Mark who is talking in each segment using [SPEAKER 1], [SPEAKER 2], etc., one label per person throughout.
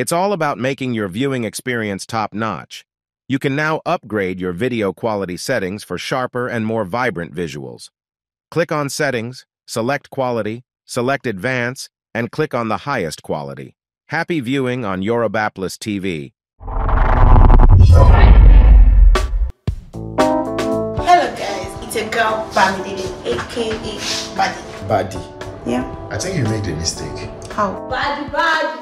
[SPEAKER 1] It's all about making your viewing experience top-notch. You can now upgrade your video quality settings for sharper and more vibrant visuals. Click on Settings, select Quality, select Advance, and click on the highest quality. Happy viewing on Yorubapolis TV. Hello guys, it's a girl, Bamidele, aka Buddy. Buddy? Yeah? I think you made a mistake. How? Buddy, Buddy!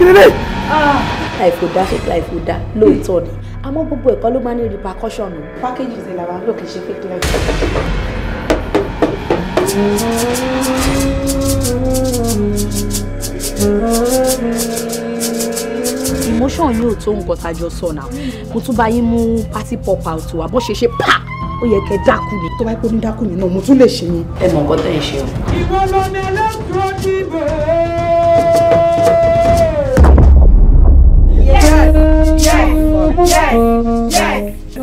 [SPEAKER 1] kí ni lè. láìfò dá ṣe láìfò dá lóòótọ́ ni àmọ́ gbogbo ẹ̀kọ́ ló máa ń ní repercussion o. pákéjì ṣe làwọn àlọ́ kì í ṣe fake life. emotion yìí ò tó nǹkan tájọ sọ náà mo tún bá yín mú party pop out wa bó ṣe ṣe pa ó yẹ kẹ dákú ni tó bá pé ó ní dákú ni náà mo tún lè ṣe ni. ẹ mọ̀ nǹkan tẹ́ ẹ ṣe o. ìwọ lọ ní ẹlẹ́tùrọ̀ dìbò. Yes! Yes!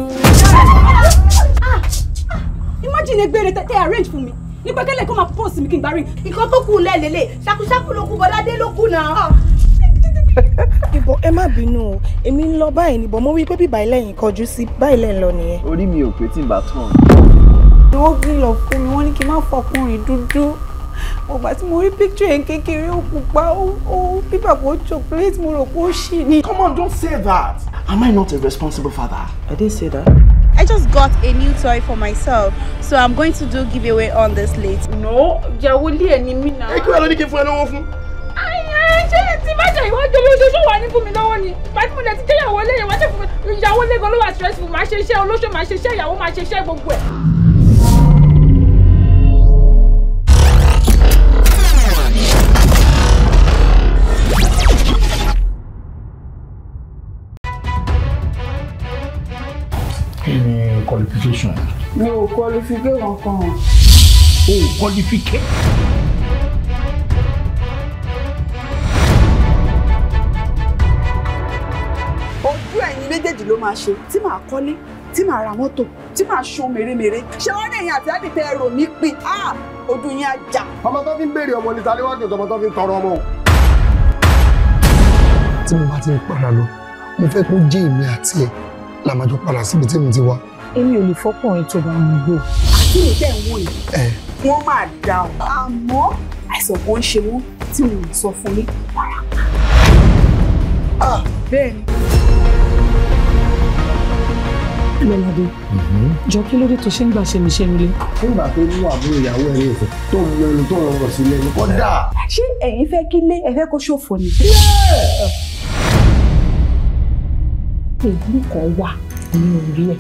[SPEAKER 1] Imagine egbere tẹ arrange fún mi. Ní pé kẹ́lẹ̀ kó máa pọ́ọ̀sì mi kí n gbá rí. Ìkan tó kù lẹ́lẹ̀lẹ̀, ṣakúṣakú ló kù bọ́ládé ló kù náà ah. ìbọn ẹ má bínú o èmi ń lọ báyìí níbọn mo rí pé bíbá ilé yìí kọjú sí báyìí lẹ́yìn lọ nìyẹn. orí mi ò pé tí n bá tán. ni wọ́n kìlọ̀ fún mi wọ́n ní kí n má fọkùnrin dúdú ọgbà tí mo rí picture yẹn kékeré ó pupa ó pípà kó chocolate mo rò pé ó ṣì ni. come on don't say that am i not a responsible father. i didn't say that. I just got a new toy for myself, so I'm going to do giveaway on this late. No, ìyàwó ilé ẹ̀ ni mí náà. Ẹ kí wàá lọ ní kí n fún ẹ lọ́wọ́ fún. Ayé ṣé ti má jẹ ìwọ jọ lójoojúmọ́ wà ní fún mi lọ́wọ́ ni. Pàtí mo dẹ̀ ti jẹ́ ìyàwó ilé fún mi. Ìyàwó ilé gan ló wà stressful, màá ṣe iṣẹ́ olóṣù, màá ṣe iṣẹ́ ìyàwó, màá ṣe iṣẹ́ gbogbo ẹ̀. kí ni qualification. mi ò qualifique kankan. o ò qualifique. ojú ẹ̀yin méjèèjì ló máa ṣe tí màá kọ́lé tí màá ra mọ́tò tí màá ṣan mèremère ṣé wọ́n ní ẹ̀yin àti àdìtẹ̀ ẹ̀rọ mi pin ojú yín á jà. ọmọ tó fi ń béèrè ọmọ níta léwájú ọmọ tó fi ń tọrọ ọmọ o. tí mo bá ti ń padà lọ mo fẹ́ kó jẹ́ èmi àti ẹ̀ la máa jọ padà síbi tí mi ti wá. èmi ò lè fọkùnrin tó bá ń gbò. àti ìtẹ̀ ń wò yìí wọ́n máa dà ọ́ àmọ́ àìsàn kan ń ṣe wọ́n tí mo lè sọ fún yín pàràpà. Ah. Lọ́ládé, mhm. jọ kí ló dé tó ṣe ń gbà ṣe mi ṣe ń lé? Nígbà tó mú àbúrò ìyàwó ẹ̀ ní ìfẹ́ tó mú ẹnu tó rọrùn sí lẹ́nu kọ́dà. Ṣé ẹ̀yin fẹ́ kí lé ẹ fẹ́ kó ṣòfò ni? ìlú kan wà ní orí ẹ̀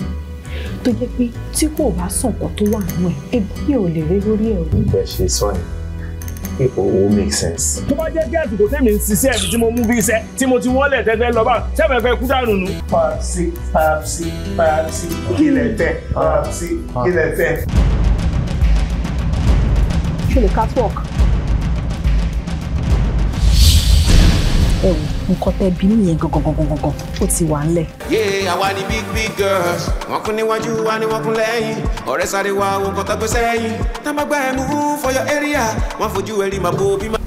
[SPEAKER 1] tó jẹ́ pé tí kò bá sàn kan tó wà nínú ẹ̀ ebi yẹn lè rí lórí ẹ̀ o. ṣe sọ yìí ipò o make sense. tó bá jẹ́ kí àsìkò tèmi ń ṣiṣẹ́ mi tí mo mú bí iṣẹ́ tí mo ti wọ́lẹ̀ tẹ́tẹ́ lọ́ba sẹ́fẹ̀ẹ́ fẹ́ kú dànù nù. papsi papsi kílẹ̀ tẹ papsi kílẹ̀ tẹ. ṣe lè catwalk. ẹ wò nǹkan tẹ bí nìyẹn gangan ó ti wà ńlẹ̀. yé àwa ni big big girls wọn kún níwájú wa ni wọn kún lẹ́yìn ọ̀rẹ́ sáré wa wọn kọtọ gbé sẹ́yìn tá má gbá ẹmu for your area wọn fojú ẹrí màá bo bí ma.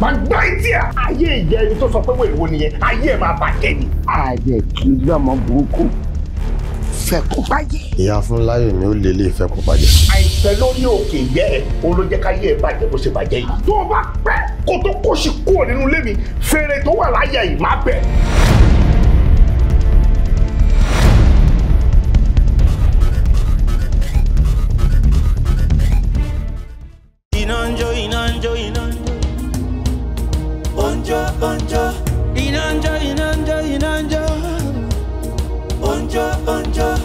[SPEAKER 1] màá gbá etí à. ayé ìyá ẹni tó sọ pé wèrè wo nìyẹn ayé ẹ máa bàjẹ́ ni. ààyè kì í gbọ́mọ burúkú fẹ́ kó báyé. ìyá fún láyò ni ó lè lè fẹ́ kó bàjẹ́. àìsàn lórí òkè ìgbẹ́ ẹ̀ olójẹ́káyé ẹ̀ bàjẹ́ bó ṣe bàjẹ́ yìí. tó o bá pẹ́ kó tó kó sì kúrò nínú ilé mi fèrè tó wà láyà yìí má bẹ̀. iná ń jó iná ń jó iná ń jó ó ń jó ó ń jó iná ń jó iná ń jó iná ń jó ó ń jó ó ń jó.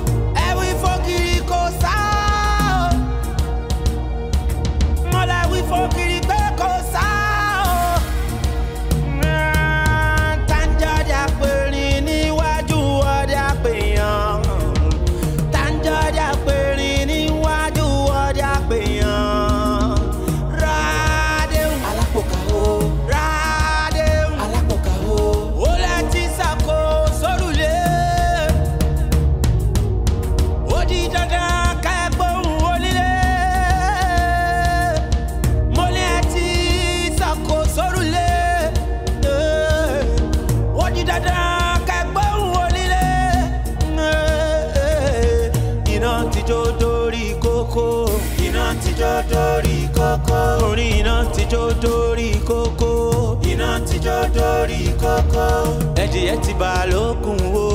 [SPEAKER 1] adìyẹ ti bà lókun wo.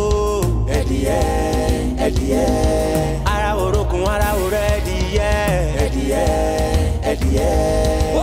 [SPEAKER 1] ẹdìyẹ ẹdìyẹ. ara òrokùn ara òrẹ́ ẹdìyẹ. ẹdìyẹ ẹdìyẹ.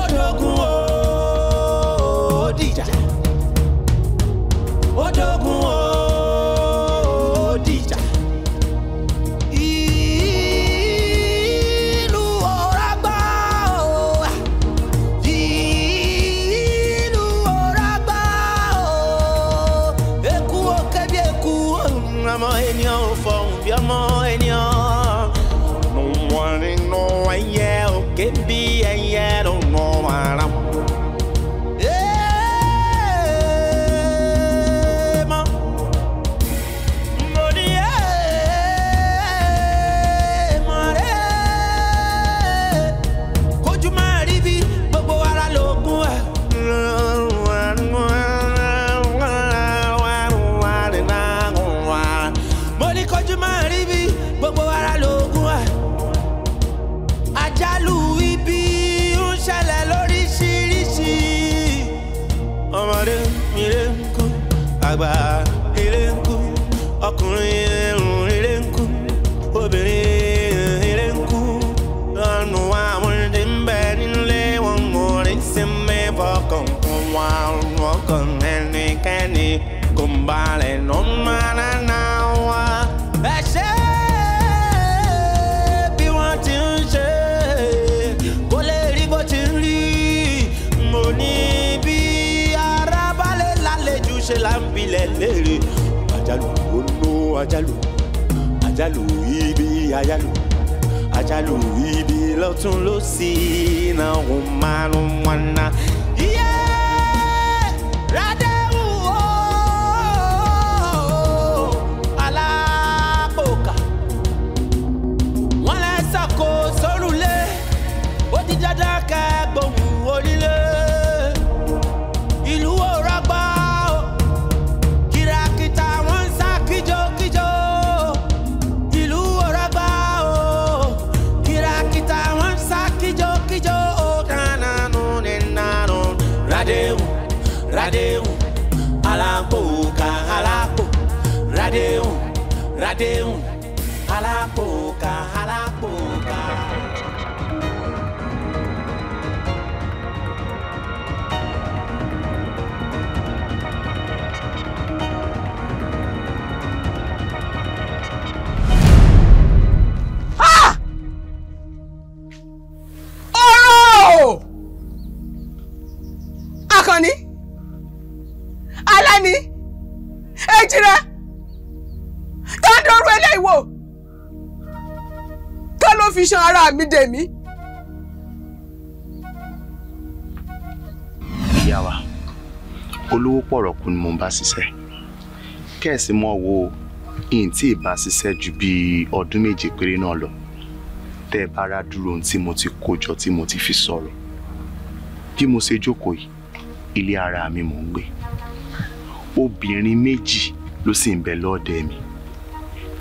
[SPEAKER 1] sùn ni alẹ́ ni ejirẹ tó ń dorú eléyìí wò tó ló fi ṣan ara mi dè mí. ìyá wa olówó pọ̀rọ̀kù ni mo ń bá ṣiṣẹ́ kẹ́ẹ̀sì mọ́ wo ìyìn tí ì bá ṣiṣẹ́ ju bíi ọdún méje péré náà lọ tẹ́ ẹ bá rá dúró ohun tí mo ti kó jọ tí mo ti fi sọ̀rọ̀ bí mo ṣe jókòó yìí ilé ara mi mò ń gbé obìnrin méjì ló sì ń bẹ lọ́ọ̀dẹ mi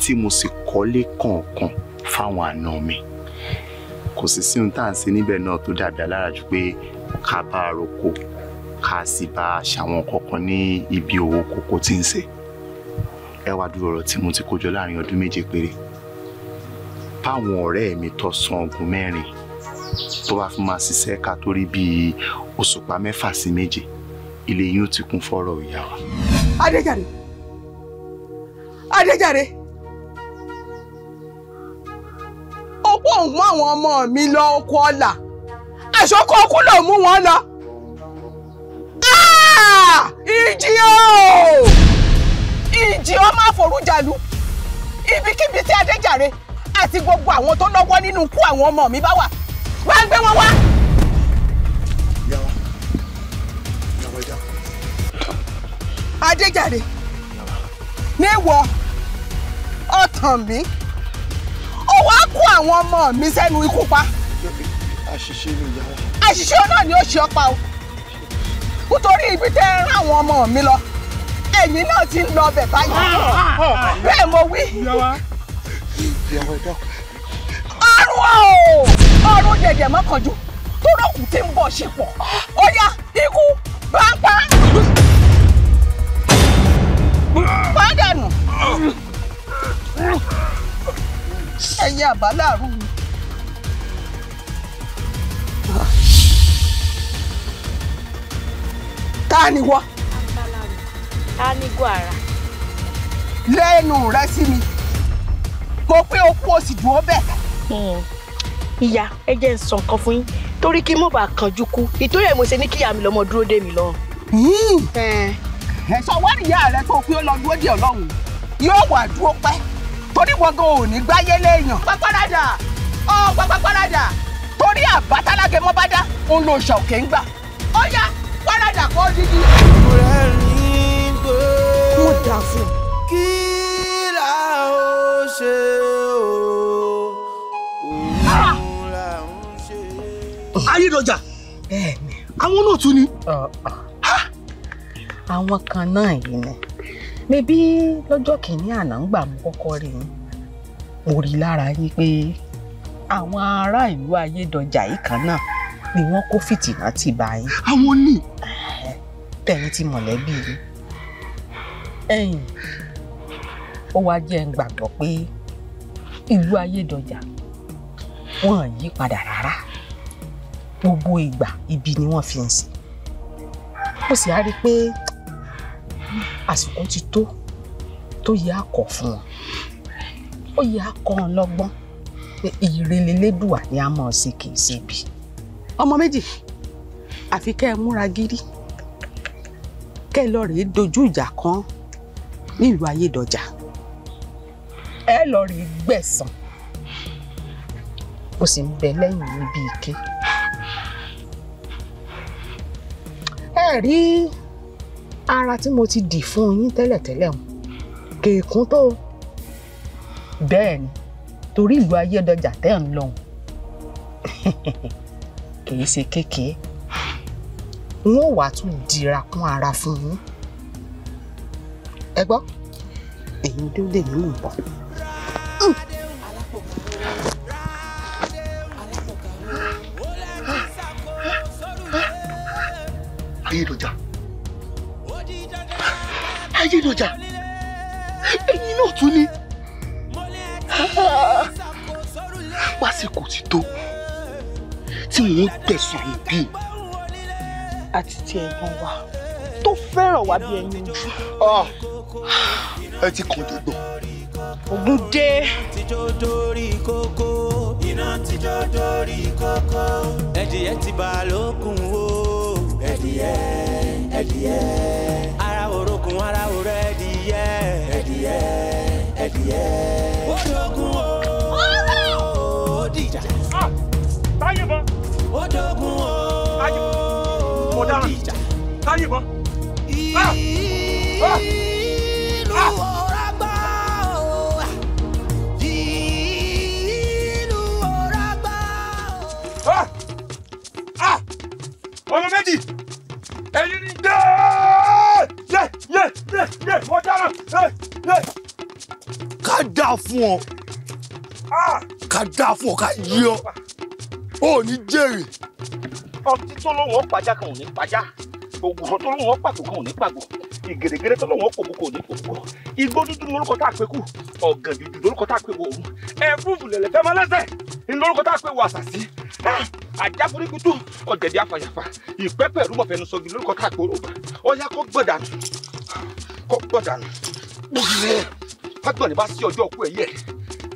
[SPEAKER 1] tí mo sì kọ́lé kọ̀ọ̀kan fáwọn àna mi kò sì sí ohun tá à ń ṣe níbẹ̀ náà tó dàbí alára jù pé ká bá a roko ká sì bá a ṣàwọn kọ̀ọ̀kan ní ibi òwò kòkó tí ń ṣe ẹ wá dúró ọ̀rọ̀ tí mo ti kó láàrin ọdún méje péré báwọn ọ̀rẹ́ mi tó san ogun mẹ́rin tó bá fi máa ṣiṣẹ́ ká torí bíi òṣùpá mẹ́fà sí méje ilé yín ó ti kún fọ́rọ̀ ìyá wa. adéjàre adéjàre òkú òun mú àwọn ọmọ mi lọ oko ọlà àṣọkọ òkú ló mú wọn lọ ah! ìjì ooo ìjì ọ máa forújàlú ibikíbi tí adéjàre àti gbogbo àwọn tó lọ́wọ́ nínú ikú àwọn ọmọ mi bá wà wá gbé wọn wá. adéjàre níwọ ọtàn mi ó wá kó àwọn ọmọ mi sẹ́nu ikú pa. àṣìṣe ni ìyá wa. àṣìṣe náà ni ó ṣe ọpa o nítorí ibi tẹ́ ẹ rán àwọn ọmọ mi lọ ẹ̀yìn náà ti ń lọ ọbẹ̀ báyìí ah, ah, ah, bẹ́ẹ̀ mo wí. ọrùn o ọrùn dẹ̀dẹ̀ mọ́kànjú tó rọ̀kù tí ń bọ̀ ṣe pọ̀ ó yá ikú pápá pádànù ẹ̀yin àbáláàrú mi. ta ni wọ́. ta ni gwara. lẹ́nu rẹ sí mi mo pé okú o sì dúró bẹ́ẹ̀. Hmm ìyá ẹ jẹ́ ń sọ nǹkan fún yín torí kí mo bá kanjú kú nítorí ẹ̀ mo ṣe ní kí ìyá mi lọ́mọ dúró dè mí lọ́rùn. Hmm. ẹ̀sọ́ wá nìyá rẹ tó pé ó lọ dúró dè ọlọ́run yóò wà dúró pẹ́ torí wọn gan ò ní gbáyé léèyàn. pápáradà ọ pápáradà torí àbátálágẹ mọ́ bá dá òun ló ṣà ń gbà ó yá páradà kọ́ dídí. mo dà kí la ó ṣe. ayédọjà àwọn náà tún ni. àwọn kan náà yìí ni mebí lọ́jọ́ kìíní àná ń gbà mú kọ́kọ́ rí i mo rí lára yín pé àwọn ará ìlú ayédọjà yìí kan náà ni wọ́n kó fìtìnà tì báyìí. àwọn ni. tẹ̀yìn ti mọ̀lẹ́bí yìí ẹ̀yìn ó wá jẹ́ ń gbàgbọ́ pé ìlú ayédọjà wọn yí padà rárá gbogbo ìgbà ibi ni wọ́n fi ń sìn mo sì á rí i pé àsìkò ti tó tó yẹ àkọ́ fún wọn ó yẹ àkọ́ wọn lọ́gbọ́n pé ni a mọ̀ sí kì í ṣe bí. ọmọ méjì àfi kẹ́ ẹ múra gírí kẹ́ ẹ lọ rèé dojú ìjà kan nílùú ayédọjà ẹ lọ rèé gbẹ̀san ó sì ń bẹ lẹ́yìn níbi ike. ẹ rí ara tí mo ti dì fún yín tẹ́lẹ̀tẹ́lẹ̀ o kèékún tó bẹ́ẹ̀ ni torí ìlú ayédọjà tẹ́ ń lọ́hùn kìí ṣe kékeré wọn ò wá tún dira kún ara fún yín ẹ gbọ́ èyí tó lè mú un ayédọjà ayédọjà ẹ̀yin náà tún ni wásìkò ti tó tí wọ́n gbẹ̀sán bí àti ti ẹ̀gbọ́n wa tó fẹ́ràn wá bí ẹni ojú. Ah, ẹ ti kàn dé gbọ́. ogun dé. tíjọ́ tíjọ́ dórí kókó ẹ̀jẹ̀ yẹn ti bà lókun o ẹdìyẹ ẹdìyẹ. ara orokun ara orẹ ẹdìyẹ ẹdìyẹ ẹdìyẹ. ó dogun o ó dìjà. Ah! táyé bọ́. ó dogun ah! ah! o ó táyé bọ́. ìlú o. ọmọ méjì dá fún ọ ah! ká dá fún ọ ká yí ọ ò ní jèrè. ọtí tó lóun ó pàjá kan ò ní pàjá ògùfọ̀ tó lóun ó pàgò kan ò ní pàgò ìgèrègèrè tó lóun ó pòkò kò ní pòkò igbó dúdú ni orúkọ tá a pè kú ọ̀gàn dúdú lórúkọ tá a pè wò òun ẹ̀fúùfù lẹ̀lẹ̀ fẹ́ máa lẹ́sẹ̀ ni lórúkọ tá a pè wò àṣàṣì àjábúrígúdú ah! ọ̀dẹ̀dẹ̀ afàyàfà ìpẹ́pẹ́ rúmọ̀ fẹnu sọ́gi lórúkọ tá a pè wò ọ̀yà tágbọ̀n ní bá sí ọjọ́ ọkú ẹ̀ yẹ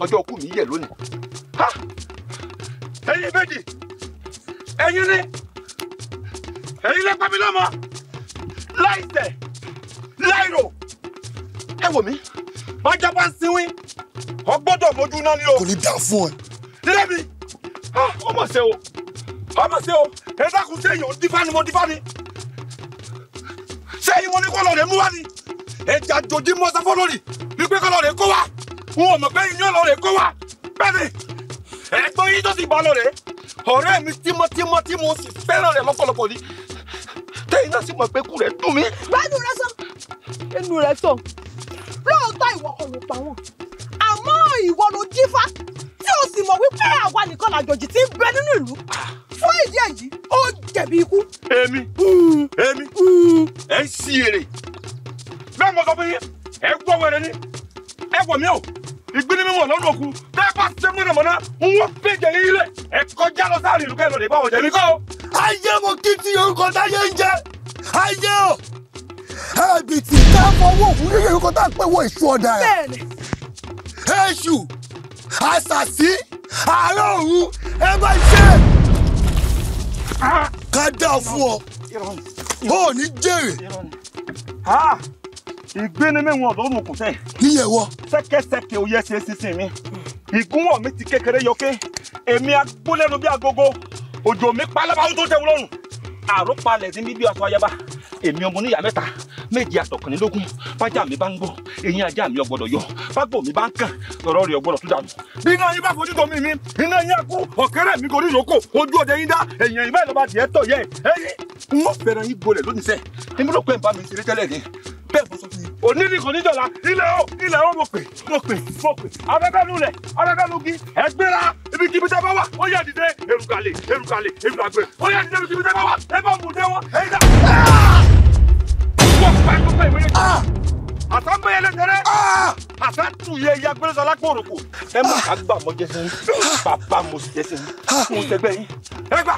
[SPEAKER 1] ọjọ́ ọkú mi yẹ lónìí. ẹ̀yin méjì ẹ̀yin ni ẹ̀yin lè pa mí lọ́mọ láìṣẹ̀ láìrò ẹ wò mí bájá ń sinwín o gbọ́dọ̀ náà ni o. kò ní dá fún ẹ. dídé mi ọmọ ṣe o ọmọ ṣe o ẹ ṣe èèyàn dífá ni mo dífá ni ṣé èyí mo ní kọ́ lọ́ọ́ rẹ̀ mú wá ni ẹ jà jòjì mọ́sáfọ́ lórí wípé kọ́ lọ́ọ̀rẹ́ kó wá n ò mọ̀ pé iyán lọ́ọ̀rẹ́ kó wá bẹ́ẹ̀ni ẹ̀gbọ́n yín tó ti bá lọ́ọ̀rẹ́ ọ̀rẹ́ mi tímọ́tímọ́ tí mo sì fẹ́ràn rẹ̀ lọ́pọ̀lọpọ̀ ni tẹ́yìn náà sì mọ̀ pé kú rẹ̀ dùn mí. gbẹ́nu rẹ sọ ẹnu rẹ sọ lóòótọ́ ìwọ kò lè pa wọn àmọ́ ìwọ ló jífá tí o sì mọ̀ wípé àwa nìkan làjòjì ti ń bẹ nínú ìlú fún ìdí èyí ó jẹ̀bi ikú. èmi hmm. èmi hmm. ẹ ń sí èrè bẹ́ẹ̀ mo sọ fún yín ẹ gbọ́ wẹrẹ ni ẹ wọ̀ mí o ìgbín mímú ọlọ́run òkú tẹ́ ẹ bá ṣe mú ìrànmọ́ná ń wọ́n péjẹ yín lẹ̀ ẹ kọjá lọ sáà nìlú kẹ́ ẹ lọ́dẹ̀ ìbáwọ̀ jẹ̀mí kọ́. ayé mo kí ti orúkọ táyé ń jẹ ayé o ẹbí tí ká fọwọ́ òfin kékeré orúkọ tá a pè wọ èṣù ọ̀dà ẹ̀ èṣù àṣàṣì àárọ̀ òru ẹ bá ṣe ah. ká dá fún ọ ó ní jèrè. Ah ìgbéni mi wọn lọ́rùn kù sẹ́ẹ̀. níyẹ̀ wọ. sẹ́kẹ́sẹ́kẹ́ ò yẹ ṣe sísìn mi ìgúnwọ̀ mi ti kékeré yọké èmi agbólẹ́nu bí agogo òjò mi pálábá tó tẹ̀ wọ́n lọ́rùn àròpalẹ̀ ní bíbí aṣọ ayaba èmi ọmọ oníyà mẹ́ta méje àtọ̀kànlélógún bájà mi bá ń gbọ́ eyín ajá mi ò gbọ́dọ̀ yọ bágbò mi bá ń kàn lọ́rọ́ rẹ̀ ò gbọ́dọ̀ tún dànù. bí iná yín bá fojú tó mi mi iná yín kú ọ̀kẹ́rẹ́ mi kò ní ìrókò ojú ọdẹ yín dá èèyàn yín báyìí lọ́ba tiẹ̀ tọ̀ yẹ ẹ̀yìn n ó fẹ́ràn yín gbolẹ̀ lónìí sẹ́ ẹ̀mí ló pẹ́ ń bá mi ṣeré tẹ́lẹ̀ ni bẹ́ẹ̀ mo sọ fún yín onídìí kò ní dọ̀la ilẹ̀ o ilẹ̀ o mo pè mo pè mo pè afẹ́fẹ́ nu lẹ̀ afẹ́fẹ́ nu gi ẹgbẹ́ra ibi kíbi tẹ́ bá wà ó yà dìde erukalè erukalè erukagbè ó yà dìde ibi kíbi tẹ́ bá wà ẹ bá mú dẹ́wọ́ ẹ̀yin dá. wọ́n pa ẹ̀kọ́ pé ìwé yẹn àtà ń bẹ̀yẹ lẹ́tẹ̀rẹ́ àtà tù yẹ ya gbẹ́lẹ́sọ alápòròkò ẹ má ká gbà mọ́ jẹ́sẹ̀ yín bàbá mo sì jẹ́sẹ̀ yín mo tẹ́gbẹ́ yín ẹ gbà.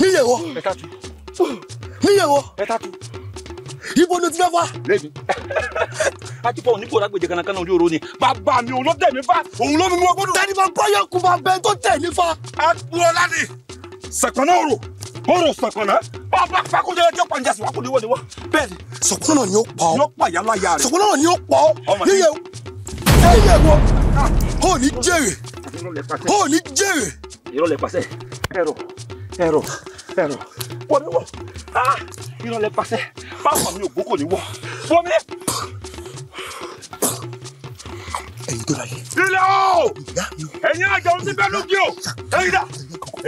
[SPEAKER 1] níyẹ̀wọ̀ níyẹ̀wọ̀ ẹ tà tù ibo ló ti fẹ́ wá. lẹ́mi atukọ̀ onígbò lágbèjẹ kanakana orí oró ni bàbá mi òun ló tẹ̀ mí fa òun ló mi mú ọgbọ́dọ̀. tẹni máa gbọ́ yẹn kú máa bẹ tó tẹ̀ mí fa. a kú ọ ládi sàkànnà òrò òrò sàkànnà bàbá pàkójọ ẹjọ pàǹjà sí wàkúndé wọlé ni ó pọ ọ. ni ó pa yàrá yàrá ni ó pọ ọ. yíyẹ ẹ̀rọ ẹ̀rọ ẹ̀rù wọlé wọ ìrọ̀lẹ́ ah, pàṣẹ báwo mi ò gbókò ní wọ wọmi. ẹ̀yin tó láyé. ilé o ẹ̀yin àjọ ti bẹ́ẹ̀ lójú o ẹ̀yin dà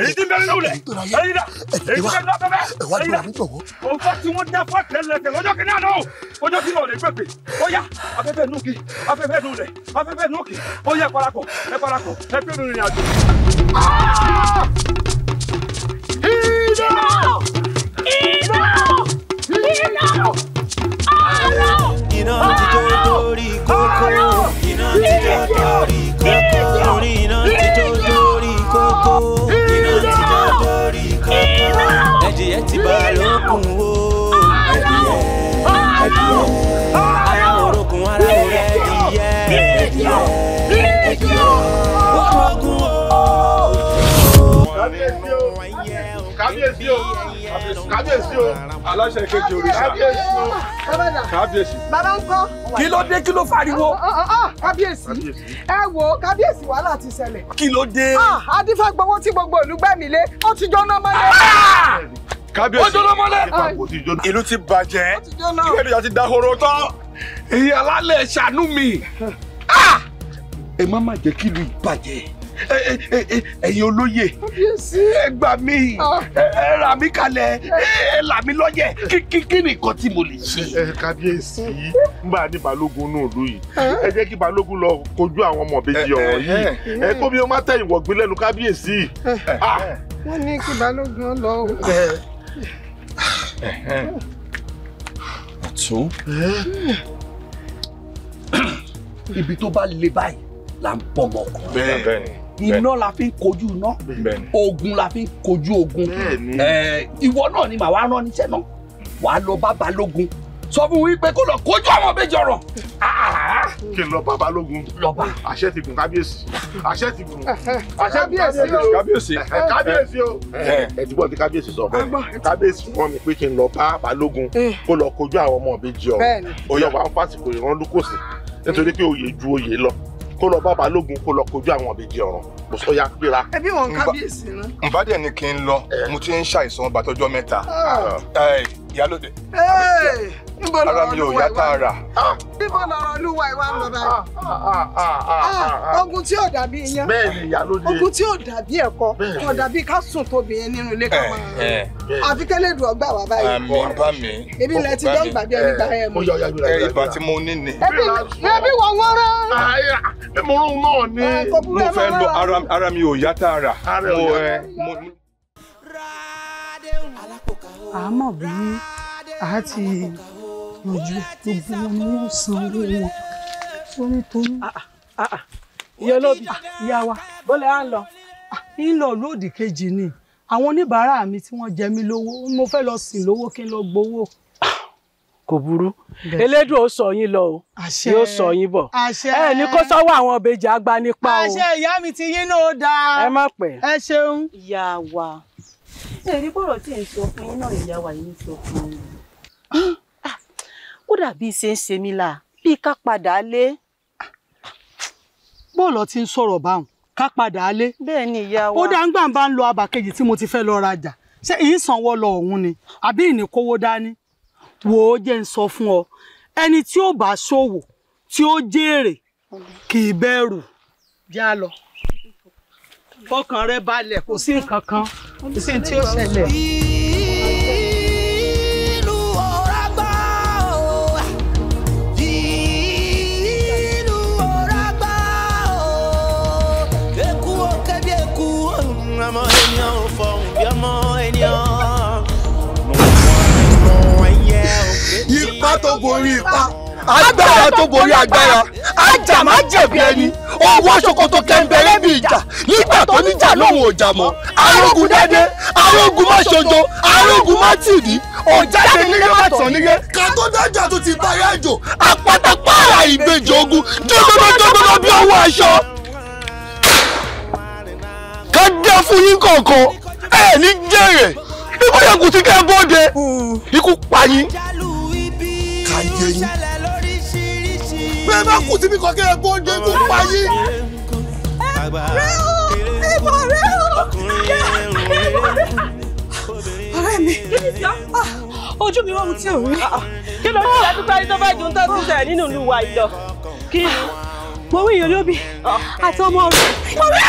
[SPEAKER 1] èyí tí bẹ́ẹ̀ lójú lẹ̀ ẹ̀yin dà èyí tí bẹ́ẹ̀ lọ́kẹ́ bẹ́ẹ̀ ẹ̀yin dà òfò tí wọ́n dá fún àtẹ̀lẹ́tẹ̀ ọjọ́ kìíní àná o ọjọ́ kìíní ò lè gbèbè ó yá afẹ́fẹ́ nù kí afẹ́fẹ́ nù lẹ̀ afẹ́fẹ́ nù kí ó yá ẹ parapọ̀ ẹ parapọ̀ ẹ pé mi rìnrìn àjò. Ah! iná ti jó lórí kókó iná kábíyèsí o aláṣẹ kejì òrìṣà kábíyèsí o kábíyèsí. bàbá ń kọ́. kí ló dé kí ló fariwo. kábíyèsí ẹ wo kábíyèsí wàhálà ti ṣẹlẹ̀. kí ló dé. adífá gbowó tí gbogbo ìlú gbẹ̀mílé ó ti jóná mọ́lẹ̀. Ah! kábíyèsí ó jóná mọ́lẹ̀. ìlú ti bàjẹ́ ìgbẹ́dùjà ti dahoro tán èyí alálẹ̀ ṣàánú mi. Ah! ẹ má má jẹ́ kí ìlú bàjẹ́ ẹ̀yin olóyè ẹ gbà mí ah. ẹ rà mí kalẹ̀ ẹ là mí lọ́yẹ̀ kí kí nìkan tí mo lè ṣe. ẹ kábíyèsí ń bá a ní balógun ní ìlú yìí ah. ẹ jẹ́ kí balógun lọ kojú àwọn ọmọbìnrin ọ̀rọ̀ yìí ẹ kó mi ó má tẹ̀yìn wọ̀gbìn lẹ́nu kábíyèsí. Eh, ah. wọ́n ní kí balógun lọ o. Eh, eh. ọ̀tún ibi tó bá le báyìí là ń bọ́ ọmọkùnrin. bẹ́ẹ̀ ni iná la fi ń kojú iná ogun la fi ń kojú ogun ìwọ náà ni màá wá rán níṣẹ́ náà wàá lọ bá balógun sọ fún wípé kó lọ kojú àwọn méjì ọ̀rọ̀. kí n lọ bá balógun lọba àṣẹ ti gùn kábíyèsí àṣẹ ti gùn kábíyèsí o kábíyèsí kábíyèsí o ẹ ti gbọ́ ti kábíyèsí sọ kábíyèsí wọn mi pé kí n lọ bá balógun eh. kó lọ kojú àwọn ọmọ méjì ọ̀rọ̀ oyè wa ń fásitì ìrànlúkòsì nítorí pé oyè ju oyè lọ kó lọ bá balógun kó lọ kojú àwọn ìbejì ọ̀run kò sọ ya gbéra. ẹbí wọn kábíyèsí náà. nbàdàn ni kí n lọ eh. mo ti ń ṣàìsàn ọba tọjọ mẹ́ta ah. eh, ìyálòde ara mi ò yá tààrà. Ah, níbo lọ̀rọ̀ olúwa ìwà ń lọ báyìí. ogun tí ò dàbí iyán ogun tí ò dàbí ẹ̀kọ kò dàbí ká sùn tóbi yẹn nínú ilé kan eh, máa eh. àfi kẹ́lẹ́ dùn ọgbà wà báyìí. àmì bá mi ebi lẹ ti dán gbàgbé ẹni gbà ẹ mọ. ẹ ìbá tí mo ní ni. ebi wọ bí a ti gbìyànjú gbogbo wọn ni wọn san owó wọn wọn ní tó ń. ìyá olóbi ìyá wa bọ́lá à ah, ń lọ. ń lọ lóòdì kejì ni àwọn mi tí wọ́n jẹ mí lówó mo fẹ́ lọ sìn lówó kí n lọ gbowó. Ah, kò burú elédùn ó sọ yín lọ o yóò sọ yín bọ̀ ẹ ní kó sọ́wọ́ àwọn ìbejì agbanipa o. àṣẹ ìyá mi ti yín náà dáa. ẹ má pẹ́. ẹ ṣeun. ìyá wa ṣe èrè bọ̀rọ̀ tí ń sọ fún yín náà ìyá wa yìí ń sọ kódà bí ṣe ń ṣe mí là bíi ká padà lé. bọ́ọ̀lù ti ń sọ̀rọ̀ báwọn ká padà lé. bẹ́ẹ̀ ni ìyá wa ó dá ń bá ń lọ abà kejì tí mo ti fẹ́ lọ rajà ṣé ìsanwó lọ ọ̀hún ni àbí ìníkówó dání wò ó jẹ́ ń sọ fún ọ ẹni tí ó bá ṣòwò tí ó jèrè kì í bẹ̀rù já lọ fọkàn rẹ balẹ̀ kò sí nǹkan kan kò sí tí ó ṣẹlẹ̀. ọmọ ènìyàn ò fọhùn bí ọmọ ènìyàn. ipa tó borí ipa agbára tó borí agbára ajá má jẹ̀bi ẹni ó wọ ṣòkòtò kẹ̀ǹbẹ̀rẹ̀ bí ìjà nígbà tó níjà lóhùn òjà mọ́ arógun dédé arógun má ṣojo arógun má tìdí òjáde nílé má tàn nílé. ká dájà tó ti bá yájò àpàtàpá àrà ìbejì ogun jógógó jógógó bí ọwọ́ aṣọ ká dá fún yín kọ̀ọ̀kan ẹ ní jèrè ikú yẹn kù sí kẹ́ bóde ikú pa yín ká yé yín bẹ́ẹ̀ bá kù síbi kan kẹ́ bóde ikú pa yín. rẹ o ìbọn rẹ o ọ̀rẹ́ mi ojú mi wọ́n mu tí ò rí. kí ló ń ṣe àtúntàrí tó bá ju tó ti sẹ̀ nínú ìlú wa ìlọ. kí ni mo wí ìyọlóbi ah. àti ọmọ rẹ.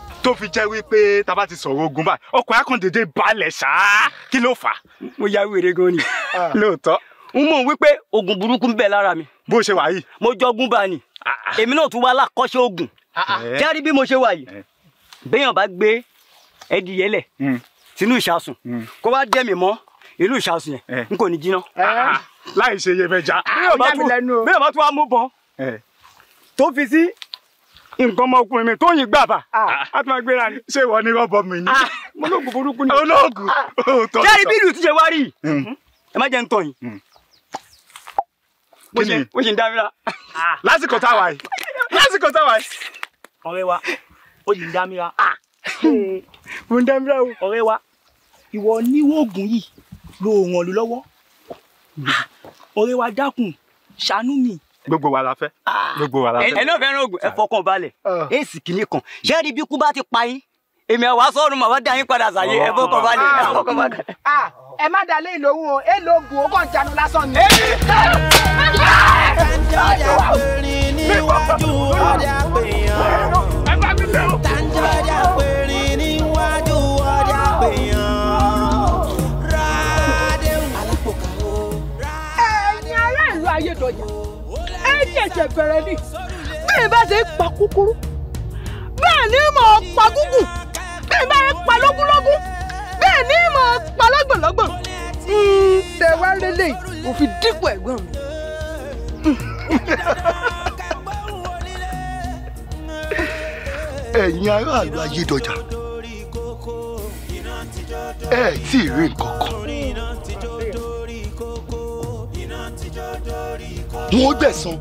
[SPEAKER 1] tó fi jẹ́ wípé tá ti sọ̀rọ̀ ogun báyìí ọkọ̀ akọ̀ndédé balẹ̀ ṣáá kí ló fà á. mo ya wèrè gan ni ah. lóòótọ́. n mọ̀ wípé ogun burúkú ń bẹ lára mi. bó ṣe wà yìí. mo jọgún bá a nì ah, ah. èmi náà tún wá lákọ́ṣe ogun járí bí mo ṣe wà yìí eh. béèyàn bá gbé ẹdìyẹlẹ̀ hmm. sínú ìṣàsùn hmm. kó wá dẹ́mi mọ́ ìlú ìṣàsùn yẹn eh. n kò ní jiná. láì ṣe iye fẹ́ já. bí ọba tún wá mú bọ́n eh. tó fi sí nǹkan ọmọkùnrin mi tóyìn gbàbà á ah. ti máa gbéra ni. ṣé ìwọ ni rọ́bọ mi ni. Ah. mo lóògùn burúkú ni. olóògùn òótọ́. Ah. Oh, jẹ́rìí bí ìlú ti ṣe wá rí hmm. Hmm? ẹ má jẹ́ ń tọ̀yìn. Hmm. bó ṣe bó ṣe ń dámira. lásìkò táwa yìí lásìkò táwa yìí. ọ̀rẹ́ wa ó sì ń dámira. mo ń dámira o. ọ̀rẹ́ wa ìwọ níwògùn yìí ló ràn lọ́wọ́ ọ̀rẹ́ wa dákun ṣàánú mi gbogbo wa la fẹ́ ah, gbogbo wa la fẹ́. ẹ náà fẹ́ràn oògùn ẹ ah. fọkàn balẹ̀ èsì ah. kìíní kan ṣé ẹ ti pa yín èmi àwa sọ́ọ̀rùn màá wá dá yín padà sàyé oh. ẹ fọkàn balẹ̀ ẹ fọkàn balẹ̀. ẹ má dalé ìlówó o ẹ lo oògùn ó kàn jánu lásán ni. ẹ bá mi lé o. ayédọ̀yà ẹ̀jẹ̀ gbẹ̀rẹ̀ ni bẹ́ẹ̀ bá ṣe pa kúkúrú bẹ́ẹ̀ ni mo pa gúgùn bẹ́ẹ̀ bá ṣe pa lógúnlógún bẹ́ẹ̀ ni mo pa lọ́gbọ̀nlọ́gbọ̀n tẹ wá lélẹ̀ òfin dípò ẹ̀gbọ́n mi. ẹ̀yin aráàlú ayédọjà ẹ̀ tí ì rí nǹkan kan. wọ́n gbẹ̀san.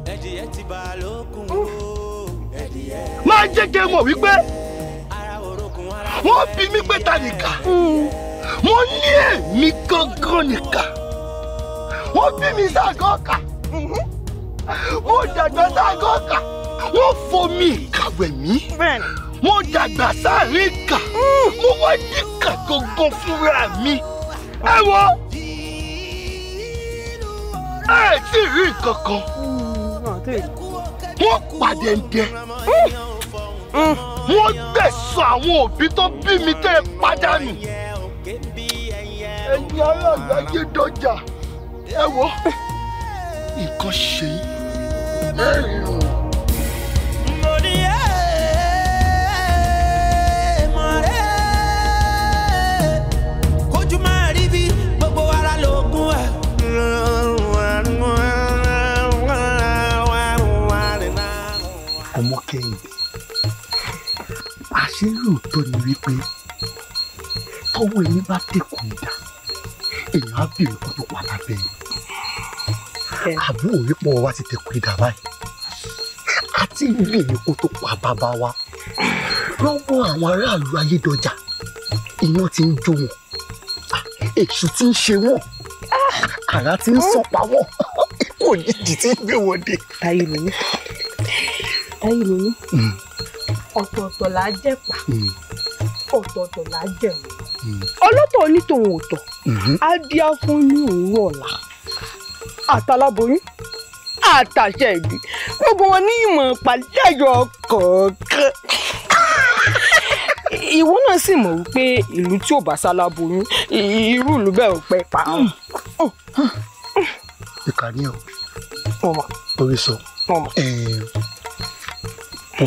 [SPEAKER 1] máa jẹ́ kí ẹ mọ̀ wípé wọ́n bí mi pé ta nìkà wọ́n ní èmi gangan nìkà wọ́n bí mi ságọ́ ọ̀kà mo dàgbà ságọ́ ọ̀kà wọ́n fomi ìkàwé mi mo dàgbà sáré ìkà mo wá ní ìkà fúnra mi ẹ wọ́n ẹ ti rí nǹkan kan wọ́n pàdé ń wọ́n gbẹ̀sọ̀ àwọn òbí tó bí mi tẹ́ ẹ pàdánù ẹ̀yin ará àgbáyé dọjà ẹ nǹkan ṣe é ẹ tọ́wọ́ ẹni bá dẹ̀kun dà èèyàn á bèrè kó tó wà lábẹ́ yìí àbúrò rí pọ̀ wá ti dẹ̀kun dà báyìí àti bèrè kó tó pa bàbá wa lọ́wọ́ àwọn aráàlú ayédọjà iná ti ń jó wọn èṣù ti ń ṣe wọn àrà ti ń sọ pa wọn ikú òjijì ti ń gbé wọn dé. táyé lóyún táyé lóyún ọ̀tọ̀ọ̀tọ̀ là á jẹ̀pà hmm. ọ̀tọ̀ọ̀tọ̀ là á jẹ̀wọ̀n ọlọ́tọ̀ onítòun òtọ̀ mhm. adíá fún ní òwúrọ̀ ọ̀la àtàláboyún àtàṣẹ ìbí gbogbo wọn ní ìmọ̀ pàdéyọ kọ̀ọ̀kan. ìwọ náà sì mọ̀ wípé ìlú tí ò bá sáláboyún irú ìlú bẹ́ẹ̀ ò pẹ́ pa wọn. ìkànnì ọ̀ orí sọ bó eh,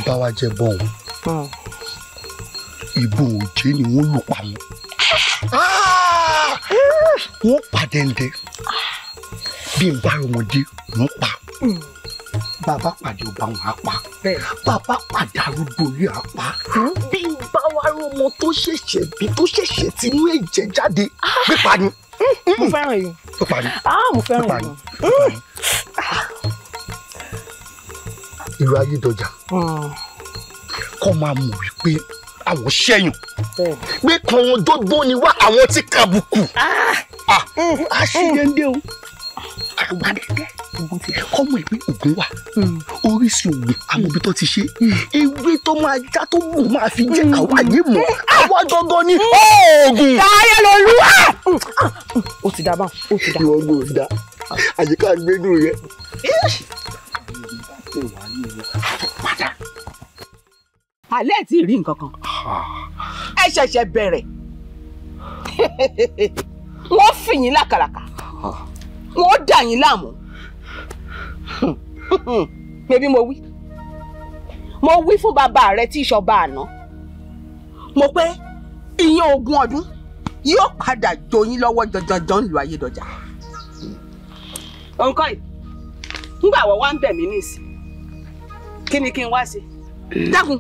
[SPEAKER 1] bá wa jẹ bọ́ọ̀n hmm. ìbò òjé ni wọ́n lù pa wọn. Ah! wọ́n pàdé ǹdẹ bí n bá ọmọdé wọ́n pa hmm. bàbá pàdé ọba wọn á pa bàbá pàdé arúgbó yìí á pa hmm? bí n bá wá rí ọmọ tó ṣẹ̀ṣẹ̀ bí tó ṣẹ̀ṣẹ̀ tí inú ẹ̀jẹ̀ jáde ah! pípa ni. Hmm? mo fẹ́ràn yìí pípa ni ah, mo fẹ́ràn yìí ìlú ayédọjà kọ́ máa mọ̀ wípé àwọn sẹ́yìn pé kan wọn dógbó ni wá àwọn tí kàbùkù àṣeyẹndé ah. ah. mm-hmm. mm-hmm. o àgbàdẹdẹ kọ́mọ ìpín ògùn wà mm. oríṣi ògùn àwọn ibi tó ti ṣe mm. ewé tó máa já tó bù máa fi jẹ àwa mm. yé mọ àwa gangan ni oògùn. táyà ló lù á. o ah. ti dá báwọn o ti dá. ìwọ gbọ́dọ̀ dá àyíká gbẹ́dùn rẹ alẹ́ ti rí nǹkan kan ẹ ṣẹ̀ṣẹ̀ bẹ̀rẹ̀ wọ́n fì yín lákàlàkà wọ́n dà yín láàmú mebí mo wí mo wí fún bàbá rẹ tí ìṣọba àná mo pé ìyẹn ogún ọdún yóò padà joyin lọ́wọ́ jọjọjọ ńlù ayédọjà. òǹkọ́ yìí ńgbà wọ́n wá ń bẹ̀ mí nísì kí ni kí n wá sí dákun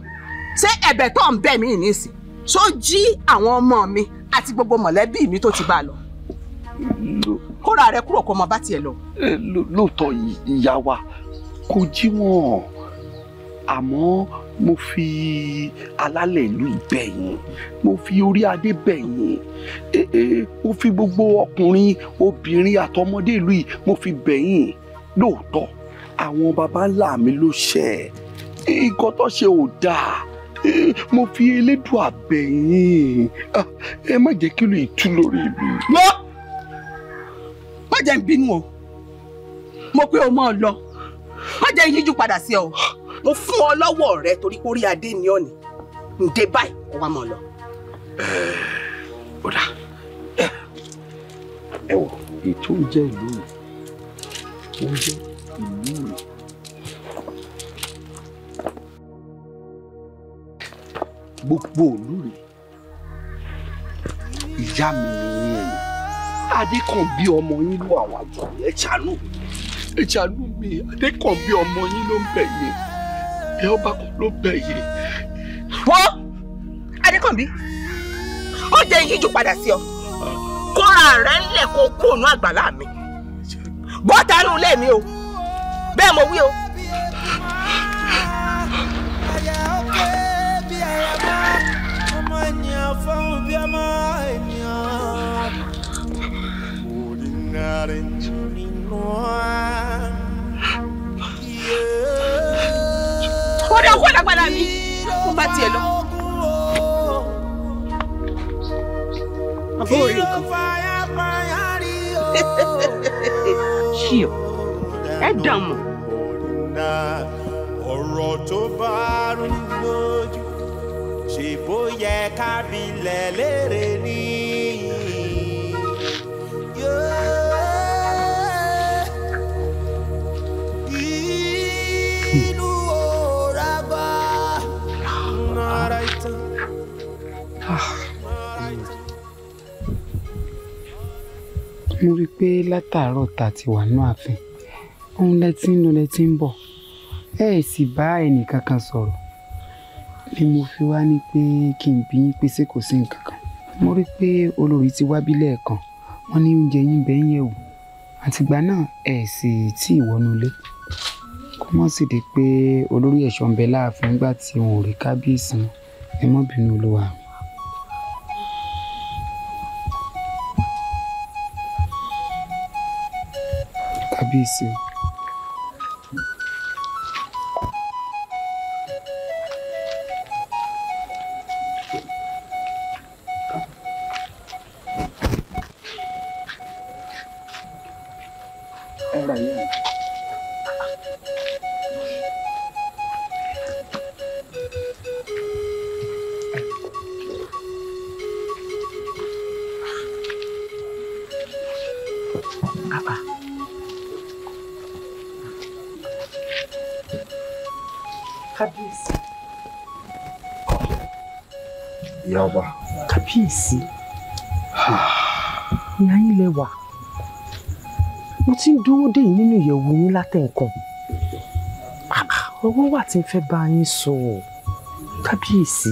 [SPEAKER 1] ṣé ẹ̀bẹ̀ tó ń bẹ̀ mí nísìn tó jí àwọn ọmọ mi àti gbogbo mọ̀lẹ́bí mi tó ti bá lọ kóra rẹ kúrò kó má bá tiẹ̀ lọ. lóòótọ́ ìyá wa kò jí wọn àmọ́ mo fi alálẹ̀ ìlú ìbẹ̀yìn mo fi orí adé bẹ̀yìn mo fi gbogbo ọkùnrin obìnrin àtọmọdé ìlú yìí mo fi bẹ̀yìn lóòótọ́ àwọn baba ńlá mi ló ṣẹ̀ nǹkan ṣe ò dáa mo fi elédùn àbẹ̀yìn ah, ẹ má jẹ́ kí ló ìtú lórí ibi. wọ́n má jẹ́ ń bínú o mo pé o máa lọ má jẹ́ yíjú padà sí ọ mo fún ọ lọ́wọ́ rẹ torí pé orí adé ni ọ̀nì ǹdẹ báyìí ọ wá máa lọ. ó ẹ wọ ètò jẹ́ ìlú ìlú jẹ́ ìlú gbogbo òlú rẹ̀ ìyá mi nìyẹn adékànbí ọmọ yín ló àwọn àjọ ẹ ṣàánú ẹ ṣàánú mi adékànbí ọmọ yín ló ń bẹ̀ yẹn ẹ ọba kan ló bẹ̀ yẹn. wọ́n adékànbí ó jẹ́ yíjú padà sí ọ kóra rẹ̀ ńlẹ̀ kóònù àgbàlá mi bọ́ta nù lẹ́mi o bẹ́ẹ̀ mo wí o kódà kó lágbára mi kó bá tiẹ̀ lọ. àbó orí nǹkan. ṣí o ẹ dàn bó yẹ kábílẹ̀ lérè ní. inú òòrà bá nara ìtàn. mo rí i pé látàárọ̀ tá ti wà nínú ààfin òun lẹ ń lọ lẹ ń bọ̀ ẹ sì bá ẹnìkankan sọ̀rọ̀ ni mo fi wá ní pé kí n bí yín pé ṣé kò sí nǹkan kan mo rí i pé olórí ti wá bí lẹ́ẹ̀kan wọ́n ní oúnjẹ yín bẹ́ẹ̀ ń yẹ̀ wò àtìgbà náà ẹ̀ sì tí ì wọnú ilé kó mọ̀ sì di pé olórí ẹ̀ṣọ́ ń bẹ láàfin nígbà tí wọn ò rí kábíyèsí mọ́ ẹ mọ́ bínú olúwa kábíyèsí o. tẹ nǹkan ọwọ́ wà tí n fẹ́ bá yín sọ ọ́ kábíyèsí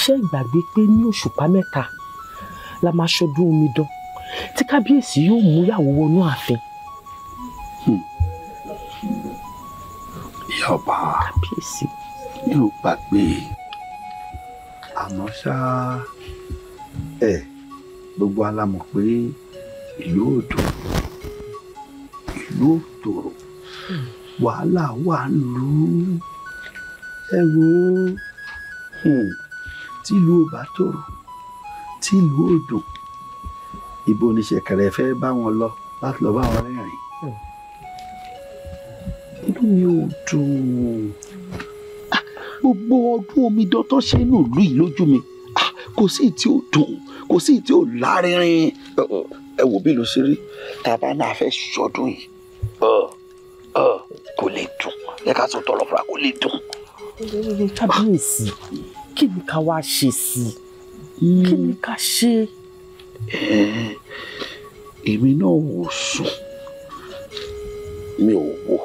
[SPEAKER 1] ṣé ìgbàgbé pé ní òṣùpá mẹ́ta la máa ṣọdún omidan tí kábíyèsí yóò mú ìyàwó wọnú ààfin. Hmm. ìyá ọba kábíyèsí mi ò gbàgbé àmọ́ ṣá ẹ gbogbo alamọ̀ pé ìlú òdòrò ìlú òdòrò wàhálà wà lù ú ẹ wo hmm, tìlú ò bá tòrò tìlú ò dùn ibo ni ṣẹ̀kẹ̀rẹ̀ fẹ́ bá wọn lọ láti lọ bá wọn rẹ́rìn inú mi ò dùn gbogbo ọdún omidan tó ṣe nílùú yìí lójú mi kò sí tí ó dùn kò sí tí ó lárinrin ẹ wò bí ló ṣe rí tàbá náà fẹ́ ṣọdún yìí ẹ ká sọ tọrọ fúra kó lè dùn. kábíyèsí kí ni ká wá ṣe sí i kí ni ká ṣe. èmi náà wò sùn mi ò wò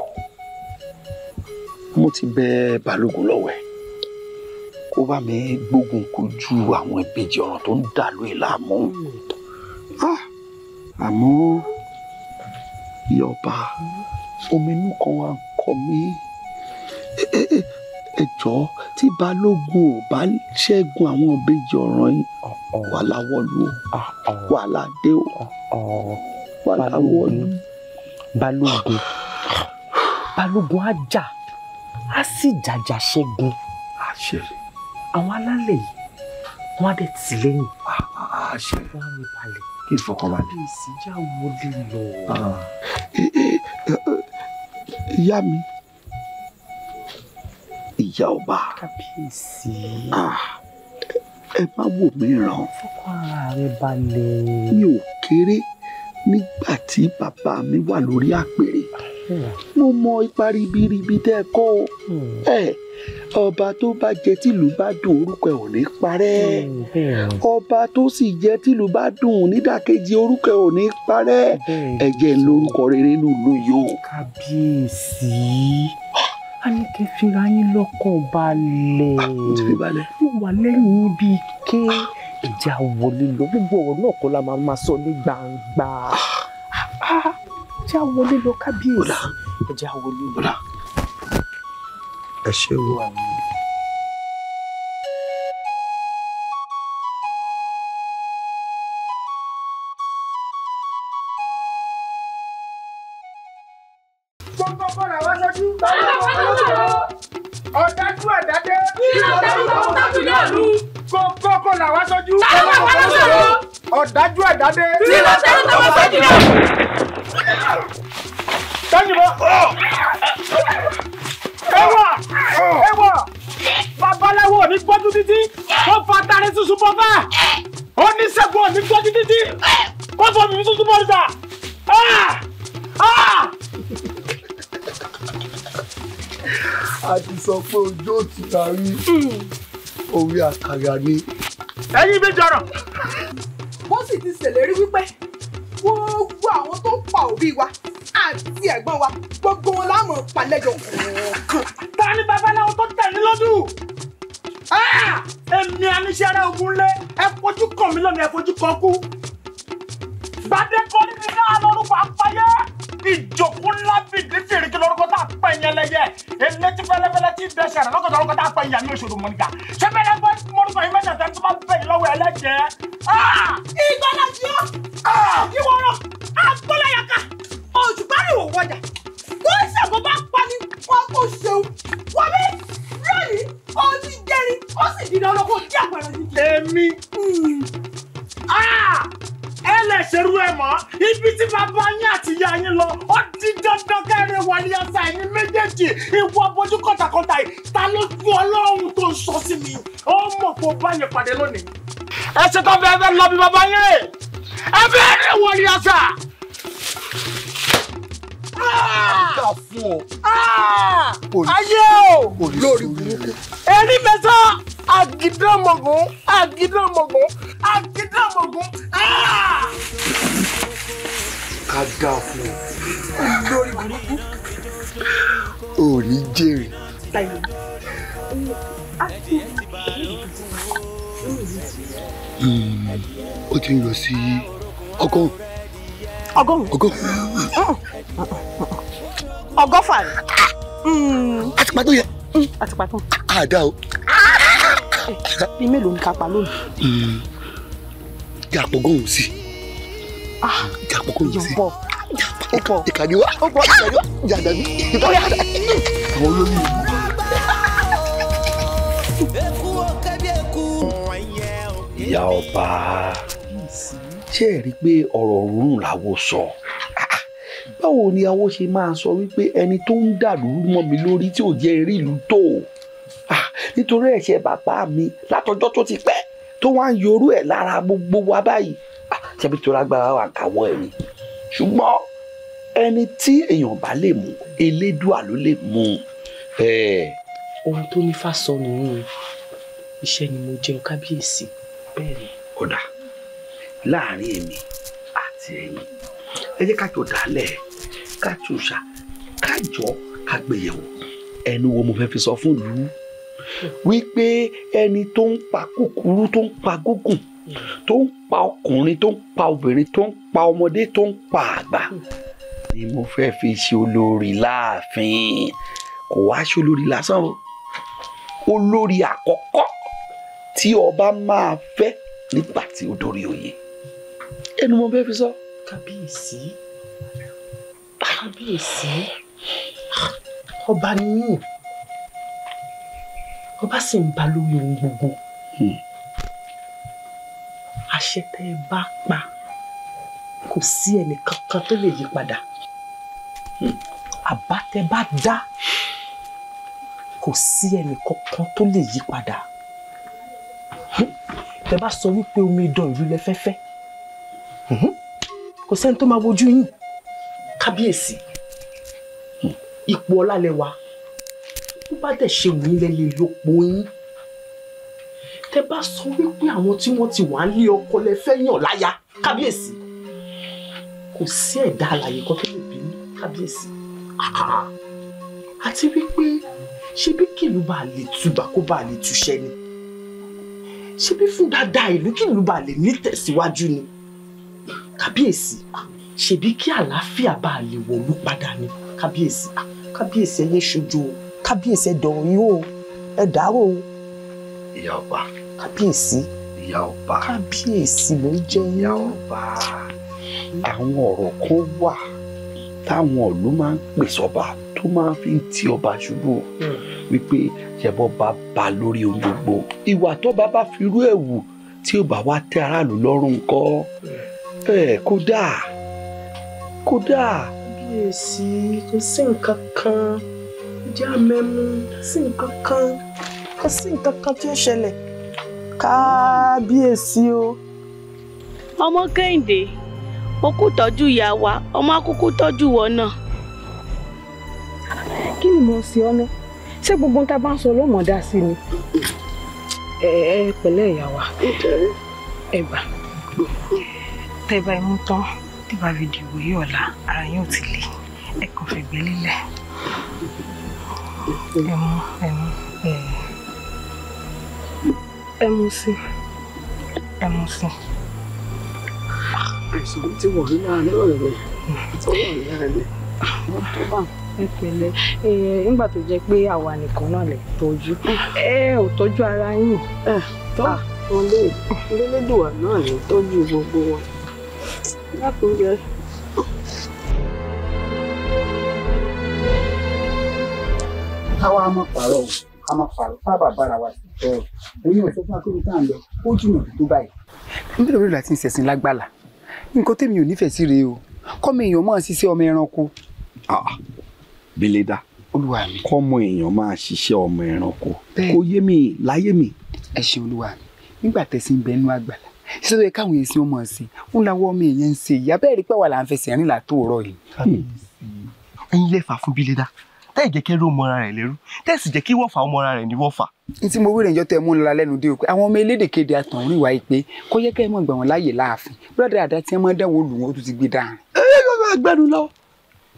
[SPEAKER 1] mo ti bẹ balógun lọ́wọ́ ẹ̀ kó bá mi gbógun kojú àwọn ìbejì ọ̀ràn tó ń dàlú ìlàmú àmọ́ yọba omi inú kan wà ń kọ mí. Mm. Ah, ẹ jọ̀ọ́ tí balógun ò bá ṣẹ́gun àwọn ìbejì ọ̀ràn yìí wà láwọ́lú o wà ládé o wà láwọ́lú. balógun balógun á jà á sì jàjà ṣẹ́gun àwọn alálẹ̀ yìí wọ́n á dẹ̀ tì lẹ́yìn wọ́n á mi balẹ̀ kí ìfọkànbalẹ̀. èsì já wọlé lọ. ìyá mi ìyá ọba. kábíyèsí. Ah, ẹ má wò mí ràn. fọkàn ara rẹ balẹ̀. mi ò kéré nígbà tí bàbá mi wà lórí àpèrè mo mọ ipa ribiribi tẹ́ ẹ kó hmm. ẹ ọba tó bá jẹ tìlú bá dùn orúkọ ẹ ò ní parẹ́ hmm, ọba tó sì jẹ tìlú bá dùn nídàkejì orúkọ ẹ ò ní parẹ́ ẹ jẹ́ lórúkọ rere nílùú yìí o. kábíyèsí ní kẹ́ fira yín lọ́kàn balẹ̀. Ah, mo ti fi balẹ̀. mo wà lẹ́yìn ibi ké ìjà wọlé lọ gbogbo ọ̀rọ̀ náà kọ́ la máa máa sọ ní gbangba. Ah, ìjà wọlé lọ kábíyèsí ìjà wọlé lọ. ẹ ṣé o. ọ̀dájú àdádé. ìlànà ìlọ́kùtàkùn yóò lu. kókó kó làwọn aṣojú. táwọn àwọn aṣojú. ọ̀dájú àdádé. ìlànà ìlọ́kùtàkùn yóò lu. tẹ́yìnbọn. ẹwà ẹwà babaláwo ní gbọ́dún títí kó fa tarí tuntun bọ́ bá oníṣègùn ní gbọ́dún títí kó fọ́ mi tuntun bọ́ níta a ti sọ pé ojú òtún la rí orí àkàrà ni. ẹyin méjì ọ̀rọ̀. wọ́n sì ti ṣèlérí wípé gbogbo àwọn tó ń pa òbí wa àti ẹ̀gbọ́n wa gbogbo wọn láàmú palẹ́jọ. ta ni babaláwo tó tẹ̀ ní lọ́dún? èmi àníṣe ara ogun lé ẹ fojú kàn mí lónìí ẹ fojú kan kú. gbàdékọ́ ní mi náà lọ́rùn pàápàá yẹ́ bí jòkó lábì dèjì èrèké lórúkọ tá a pẹ yẹn lẹyẹ elétí fẹlẹfẹlẹ tí dẹsẹ rẹ lọkọ lórúkọ tá a pẹ yẹn ní oṣù mọnìkà sẹbẹrẹ bọ mọdúkọ yìí mẹ́ta tẹni tó bá bẹ yìí lọ́wọ́ ẹlẹjẹ. Ah! ìgbọ́dọ̀ ah! sí ọ ìwọ ọ̀rọ̀ agbọ́láyàká òṣùpárì ò wọjà wọ́n ṣàgbọ́n bá pani wọn kò ṣeun wọ́n bí lónìí ó ti jẹrin ó sì dìde ọlọ́kọ̀ kí àpẹẹrẹ ti jẹ. èmi hmm. ah! ẹlẹ́sẹ̀rú ẹ̀ mọ́ ibi tí bàbá kọ́ńtà yìí ta ló gún ọlọ́run tó ń sọ sí mi ó mọ̀ kó bá yẹn pàdé lónìí. ẹ ṣe tán fẹ́ fẹ́ lọ bí bàbá yẹn ẹ fẹ́ rẹ̀ wọ ní àṣà. Dá fún ọ. Ah! Ayé o! Lórí burúkú. Ẹni mẹ́ta àgídọ́mọ̀gún àgídọ́mọ̀gún àgídọ́mọ̀gún. Ká ah! dá fún ọ. Lórí burúkú. Ò ní jèrè ó ti ń lọ sí ọgọ́rùn. ọgọ́rùn. ọgọ́rùn. ọgọ́fà rẹ̀. àtìpá hmm. tó yẹ. àtìpá hmm, tó. àdá o. bí mélòó ni ká pa lónìí. jàpọ̀ hmm. gọ́hùn sí. jàpọ̀ ah. gọ́hùn sí. jàpọ̀ ìkàdíwá. ìkàdíwá jàdàbí. àwọn olórí ìlú. ìyá ọba ṣé ẹ rí i pé ọ̀rọ̀ rúrùn làwo sọ ah, báwo ni awo ṣe máa sọ wípé ẹni tó ń dàlúrú mọ́ mi lórí tí ò jẹ́ eré ìlú tó ah, nítorí ẹ̀ṣẹ̀ bàbá mi látọjọ́ tó ti pẹ́ tó wá ń yorú ẹ̀ lára gbogbo wa báyìí ah, ṣebí tó lágbára wà káwọ́ ẹ̀ ni ṣùgbọ́n ẹni tí èèyàn bá lè mú elédùà ló lè mú un. ohun tó ní fásọ nìyí iṣẹ́ ni mo jẹun kábíyèsí ọ̀dà láàrin èmi àti ẹ̀yin ẹ jẹ́ kájọ dálẹ̀ kájọ ṣà kájọ kágbéyẹ̀wò ẹnu wo mo fẹ́ fi sọ fún ìlú wípé ẹni tó ń pa kúkúrú tó ń pa gúngùn tó ń pa ọkùnrin tó ń pa obìnrin tó ń pa ọmọdé tó ń pa àgbà ni mo fẹ́ fi ṣe olórí láàfin kò wá ṣe olórí lásán o olórí àkọ́kọ́ tí ọba máa fẹ́ nígbà tí ó dórí oyè ẹnu mo fẹ́ fi sọ. kábíyèsí kábíyèsí ọba ni mí ọba sì ń ba lórí ohun gbogbo hmm. àṣẹ tẹ ẹ bá pa kò sí ẹnìkankan tó lè yí padà hmm. àbá tẹ bá dá kò sí ẹnìkankan tó lè yí padà. Hmm tẹ bá sọ wípé omi ìdán ìlú lẹ fẹ́fẹ́ kò sẹ́ni tó máa wojú yín kábíyèsí ipò ọlá lẹ wà bó bá dẹ̀ ṣe wù yín lẹ lè yọpọ̀ yín tẹ bá sọ wípé àwọn tí wọ́n ti wà ń lé ọkọ lẹ fẹ́ yàn láya kábíyèsí kò sí ẹ̀dá alààyè kan tó lè bí kábíyèsí àti wípé ṣé bí kìlú bá lè tùbà kó bá lè túṣẹ́ ni ṣé bí fún dáadáa ìlú kí ìlú bá lè ní tẹ̀síwájú ni kábíyèsí ṣebí kí àlàáfíà bá a lè wọ̀lú padà ni kábíyèsí kábíyèsí ẹyẹ ṣojú o kábíyèsí ẹdọ̀rọ̀ yìí o ẹ dárò o. ìyá ọba. kábíyèsí. ìyá ọba. kábíyèsí ló ń jẹ ìyá ọba. àwọn ọ̀rọ̀ kan wà táwọn ìlú máa ń pè sọ́ba tó máa fi ń ti ọba ṣubú hmm. wípé ṣẹbọ bá ba lórí ohun gbogbo ìwà tó bá bá fi rú ẹ̀wù tí ò bá wá tẹ́ aráàlú lọ́rùn ńkọ́ ẹ kódà kódà. kábíyèsí kò sí nǹkan kan jẹ́ àmẹ́mú sí nǹkan kan kò sí nǹkan kan tí ó ṣẹlẹ̀ kábíyèsí o. ọmọ kẹ́hìndé mo kú tọ́jú ìyá wa ọmọ akúkú tọ́jú wọn náà kí ni mo ń ṣe ọ́nà ṣé gbogbo tá a bá ń sọ lọ́mọ dá sí ni. ẹ ẹ pẹ̀lẹ́ ìyá wa ẹ gbà tẹ́ bá imú tán tí bá yìí ọ̀la ara yóò ti le ẹ kàn fẹ̀gbẹ́ lílẹ̀ ẹmu ẹmu ẹmu sí ẹmu sí. àìsàn tí wọ́n rí láàárín ọ̀rẹ́ rẹ̀ hmm. tí wọ́n rí láàárín ah. ọ̀rẹ́ tó bá ń ẹ pẹ̀lẹ́ ẹ nígbà tó jẹ́ pé àwa nìkan náà lè tọ́jú ẹ ò tọ́jú ara yín tọ́ ah, wọn lè lélédùwà náà lè tọ́jú gbogbo wọn lákòójẹ. káwa á mọ̀ pààrọ̀ o ká mọ̀ pààrọ̀ sábà bára wa sí ẹ̀ oyún ọ̀sẹ̀ fún akéwì tá à ń lọ ó jìnnà tó báyìí. nítorí òun láti ń ṣẹ̀sìn lágbàlá nǹkan tèmi ò nífẹ̀ẹ́ sí rèé o kọ́mi èèyàn máa ṣiṣẹ́ ọmọ ẹranko ah, Bílédà olúwa mi kọ́mọ èèyàn máa ṣiṣẹ́ ọmọ ẹranko kò yé mi láyé mi. ẹ ṣe olúwa mi nígbà tẹ̀sí ń bẹ nínú àgbàlá ṣé tó yẹ káwọn èèyàn sí ọmọ sí ń lawọ́ ọmọ èèyàn ń ṣe ìyá bẹ́ẹ̀ rí pé wà là ń fẹsẹ̀ rìn là tó rọ yìí. Hmm. ẹ̀yin lẹ́fà fún Bílédà táì jẹ́ kí ẹrú ọmọ ara rẹ̀ lẹ́rú tẹ́sì jẹ́ kí wọ́fà ọmọ ara rẹ̀ ní wọ́fà. n tí mo wí ìrìnjọ́ tẹ mú un lọ lẹ́nu dé o pé àwọn ọmọ elédè kéde àtọ̀rìn wáyé pé kó yẹ kẹ́ ẹ mọ̀ gbà wọ́n láàyè láàfin búrọ́dà àdá tí wọ́n máa ń dáwọ́ olùwọ́n tó ti gbé dáhùn. ẹ ẹ gbẹ́nu lọ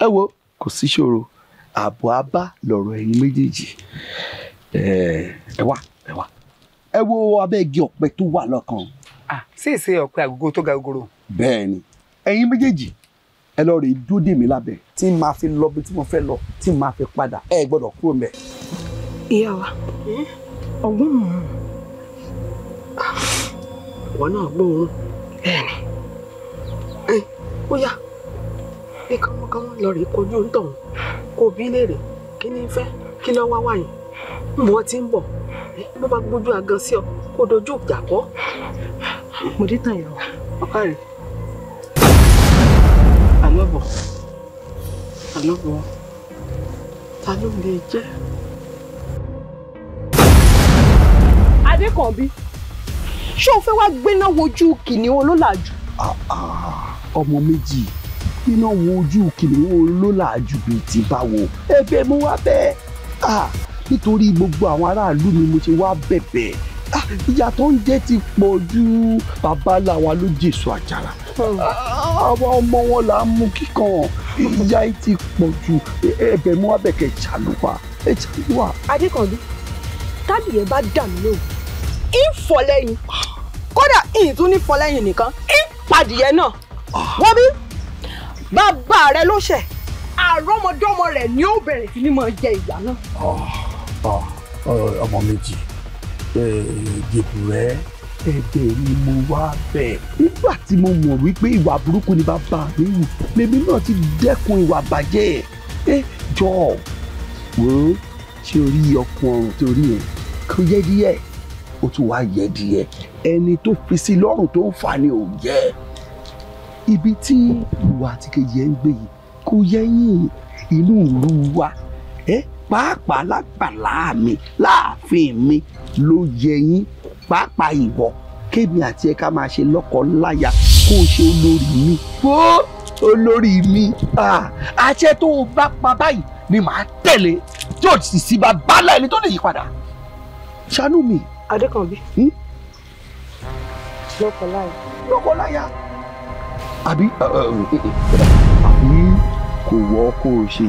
[SPEAKER 1] ẹ wo kò sí ṣòro àbọ̀ abá lọ̀rọ̀ ẹ̀yin méjèèjì ẹ wá ẹ wá ẹ wo abẹ́gi ọ̀pẹ tó wà lọ́kàn. ṣé èsè ọ̀pẹ àgógó tó ga gogoro. bẹ́ẹ̀ ni ẹ̀yin méjèèjì ẹ lọ rèé dúró dè mí lábẹ́ tí n máa fi lọ bí tí mo fẹ́ lọ tí n máa fi padà ẹ gbọ́dọ̀ kúrò mẹ́. ìyá wa ọgbọ́n mọ̀ wọn náà gbọ́ òun bẹ́ẹ̀ ó yá ikọ̀ ọmọkàn lọ rèé kojú ń tọ̀hún kò bí léèrè kí ni fẹ́ kí lọ́ wá wáyé mo ti ń bọ̀ mo bá gbójú agan sí ọ kó dojú ìjà kọ́. mo dé tàn yàrá ọkà rẹ àlọ́bọ̀ àlọ́bọ̀ ta ló lè jẹ́. adékànbí ṣé o fẹ́ wá gbéná wojú kìnìún olólàjú. Ah, ah, ọmọ méjì yìí iná wo ojú kìnìún olólàájú bíi ti báwo ẹ̀bẹ̀ mo wá bẹ́ẹ̀ nítorí gbogbo àwọn aráàlú mi mo ti wá bẹ̀bẹ̀ ah ìyà ti pọ̀ ju babaláwa ló jèso àjàrà àwọn ọmọ wọn là ń mú kíkan ìyà yìí ti pọ̀ ju ẹ̀bẹ̀ mo wá bẹ̀ kẹ̀ ṣàlùwà ẹ̀ ṣàlùwà. adékànlú bá dà mí lóhùn ìfọ̀lẹ́yìn kódà ìtún ní fọlẹ́yìn nìkan ìpàdìyẹ náà ah. wọ́n bí bàbá rẹ ló ṣẹ̀ àrọ́mọdọ́mọ rẹ̀ ni ó bẹ̀rẹ̀ sí ní máa jẹ ìyá náà. ọmọ méjì jèbùrẹ́ ẹ̀bẹ̀ ni mo wá bẹ̀. nígbà tí mo mọ̀ wípé ìwà burúkú ni bàbá mi wù lèmi náà ti dẹ́kun ìwà bàjẹ́ ẹ jọ wọ́n ṣe orí ọkùn ọrùn torí ẹ̀ kó yẹ díẹ̀ ó tún wá yẹ díẹ̀ ẹni tó fi sí lọ́rùn tó ń fà ni ò yẹ ibi tí ìwà àti kejì ẹ ń gbé yìí kò yẹyìn inú ìlú wa ẹ pàápàá lágbàlá mi láàfin mi ló yẹyìn pàápàá ìwọ kémi àti ẹ ká máa ṣe lọ́kọ láya kó o ṣe olórí mi fó olórí mi àṣẹ tó o bá pa báyìí ni màá tẹ̀lé yóò sì sí bá bálá ẹni tó lè yí padà ṣàánú mi. Adékànbí. Hmm? lọ́kọ láya. lọ́kọ láya àbí àbí kò wọ́ kó o ṣe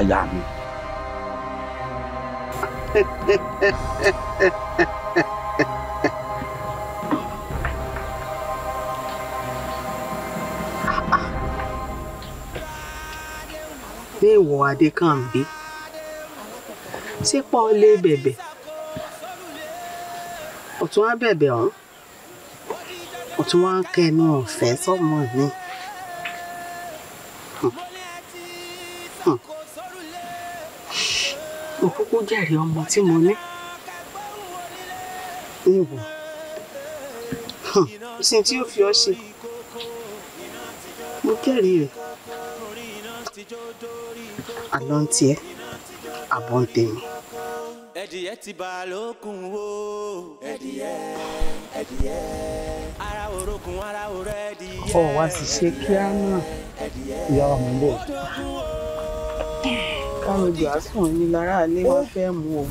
[SPEAKER 1] àyà mi. ìwọ adékànbí sípò lé bẹ̀bẹ̀ ọ̀tún á bẹ̀bẹ̀ ọ̀hún. O tún wá ń kẹnu ọ̀fẹ́ sọ́mọ mi. mo kúkú jẹ̀rìí ọmọ tí mo ní. níbo sin tí ó fi ọ ṣe mo jẹ́rìí rẹ̀ àlọ́ ń tiẹ̀ àbọ̀ ń tèmi ẹdìyẹ ti bà lókun wo. ẹdìyẹ ẹdìyẹ. ara orokun ara oró ẹdìyẹ. ọ wá sì ṣe kíá náà ìyá wa mò ń bọ̀. káwọn ojú àsùn yìí lára ilé wa fẹ́ mú o.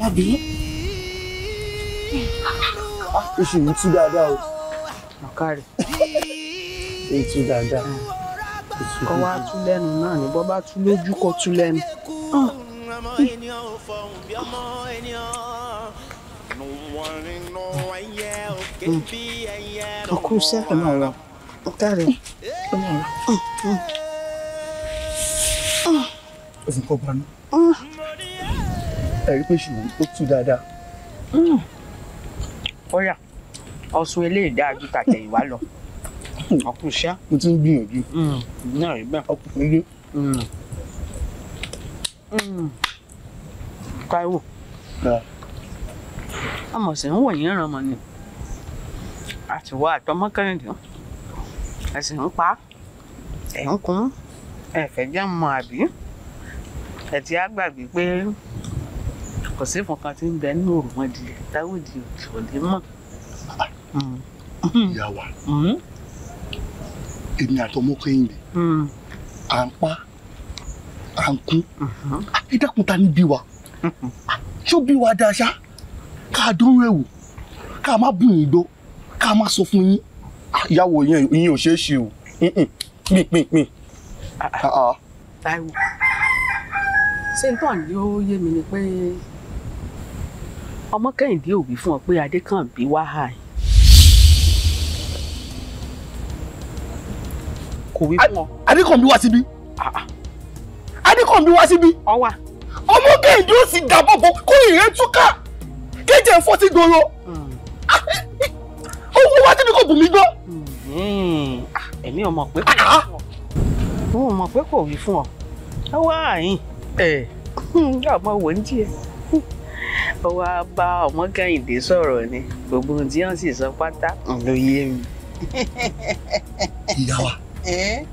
[SPEAKER 1] lábí oṣù yìí tú dáadáa o. màkàrẹ̀ èyí tú dáadáa kọ́ wá tú lẹ́nu náà ní bọ́ bá tú lójú kó tú lẹ́nu. Ah. Hmm. ọkọ iṣẹ́ kan náà lọ ọ̀tá rẹ̀ hmm. hmm. Ah. ó náà lọ. o sì kọ́ banú. Ah. ẹ̀rí pé ṣùgbọ́n ó tú dáadáa. ó yá eléyìí dáa ju tàtẹ̀yìnwá lọ ọkùnrin mo ti ń gbìyànjú. Mm. náà rí bẹ́ẹ̀. ọkùnrin lé. Táíwò mm. mm. ọmọ ń wò yín ràn mọ́ ni àti wá àtọmọ kẹrìndínlẹ́ ẹ̀sìn ń pa ẹ̀ ń kún ẹ̀ fẹ́ jẹ́ mọ́ àbí ẹ̀ ti á gbàgbé pé kò sí nǹkan tí ń bẹ nínú òrùmọdìyẹ Táíwò di òṣòlè mọ́. ìyá wa èmi àtọmọ kẹ́hìndé hmm. à ń pa à ń kú hmm. ẹ dákun ta ni bí wa ṣó bí wa dáa ṣá ká dúró ẹ̀wò ká má bùn yín gbó ká má sọ fún yín ìyàwó yẹn ìyẹn ò ṣeé ṣe o pin pin pin. Ah, ah. Ah, Táíwò ṣé n tàn lé ó yé mi ni pé ọmọ kẹ́hìndé ò wí fún ọ pé adé kan bí wàhálà yìí. kò wí fún ọ. adékànbí wá síbí ah, ah. adékànbí wá síbí. ọwà. ọmọ kẹ́hìndé ó sì dàbọ̀ bọ̀ kó ìrẹ́ túká kéjì ẹ̀ fọ́ gbòòrò owó hmm. wá síbi kò bù mí gbọ́. Hmm. èmi ò pé kò ah, wí fún ọ. mo pé kò wí fún ọ. ẹ wá àyìn. ẹ ọmọ wò ń jí ẹ ó wáá bá ọmọ kẹ́hìndé sọ̀rọ̀ ni gbogbo ohun tí wọ́n sì sọ pátá ló yé mi. ìyá wa ẹ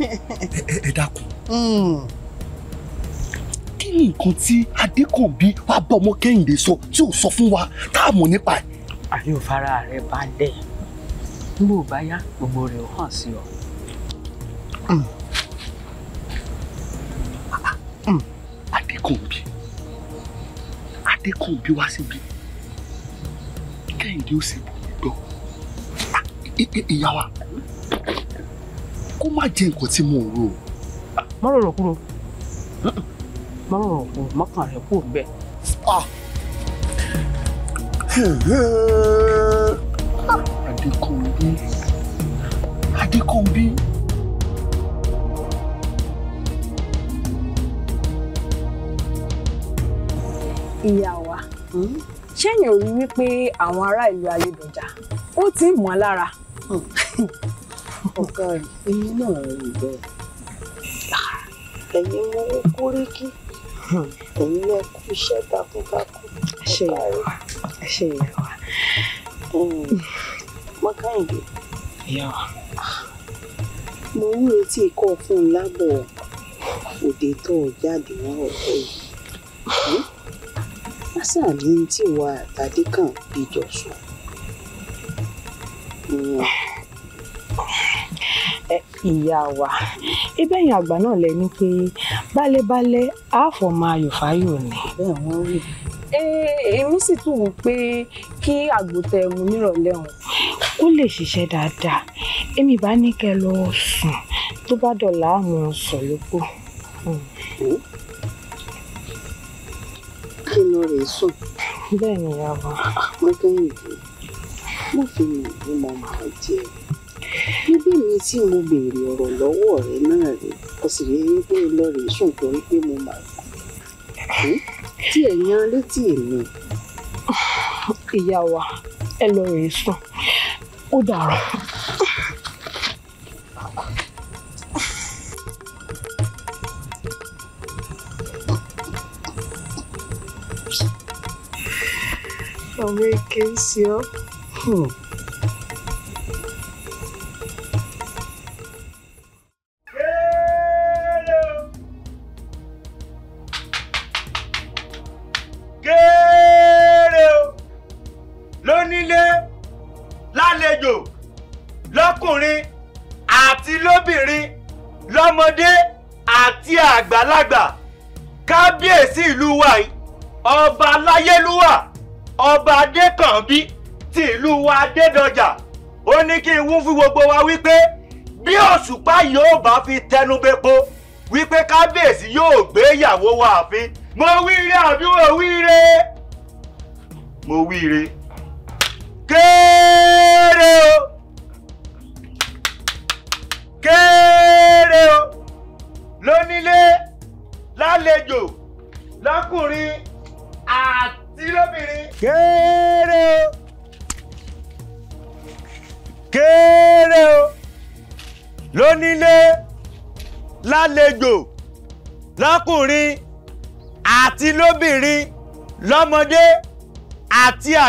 [SPEAKER 1] ẹ dákun hmm. kí ni nǹkan tí adékànbí wá bá ọmọ kẹ́hìndé sọ tí ò sọ fún wa tá a mọ̀ nípa ẹ̀. àyè ò fara rẹ balẹ̀ nígbà ò bá yá gbogbo rẹ̀ ò hàn sí ọ. Hmm. Hmm. adékànbí adékànbí wá síbi kẹ́hìndé ó sì bọ̀ ah, ìyá wa kó má jẹ nǹkan tí mo rò. má rọrọ kúrò má rọrọ kúrò má kàn rẹ kúrò bẹ́ẹ̀. Ah. Adékọ̀mbí Adékọ̀mbí. ìyá wa hmm? ṣẹ́yìn ò rí wípé àwọn ará ìlú ayédọjà ó ti ń mọ́ lára hmm ọ̀gá èmi náà rí bẹ́ẹ̀ ẹ̀yin mo wó kóríkì ẹ̀yin náà kú iṣẹ́ takuntakun ṣe ṣe ìyàwó hmm. mọ́káyìndé ìyàwó mo ń retí ikọ́ fún un lábọ̀ òde tó jáde wọn ọ̀pọ̀ yìí lásà ní tiwa àtàdé kan ìjọsùn. Yeah. Hmm ìyá wa ibẹ̀yìn àgbà náà lẹ ní pé balẹ̀balẹ̀ àáfọ̀ máa yò fáyò ni. bẹ́ẹ̀ wọ́n rí èmi sì tún wò pé kí àgbòtẹ́ mu nírọ̀lẹ́ ọ̀hún kó lè ṣiṣẹ́ dáadáa èmi bá ní kẹ́ lọ sùn tó bá dọ̀là àmọ́ sọ̀ lóko. kí ló rè sùn. bẹ́ẹ̀ ni ìyá wa. mo kẹ́yìn dé mo fi mọ̀ bí mo máa jẹ́ ẹ̀ bíbélì tí mo béèrè ọ̀rọ̀ lọ́wọ́ rẹ náà rè ó sì rí i pé lọ́ọ̀rì ṣùgbọ́n pé mo mà kú hm? tí ẹ̀ yan létí mi. ìyá wa ẹ lọ rèé sùn ó dàrọ. ọmọ èké ń ṣe ọ́. Hmm.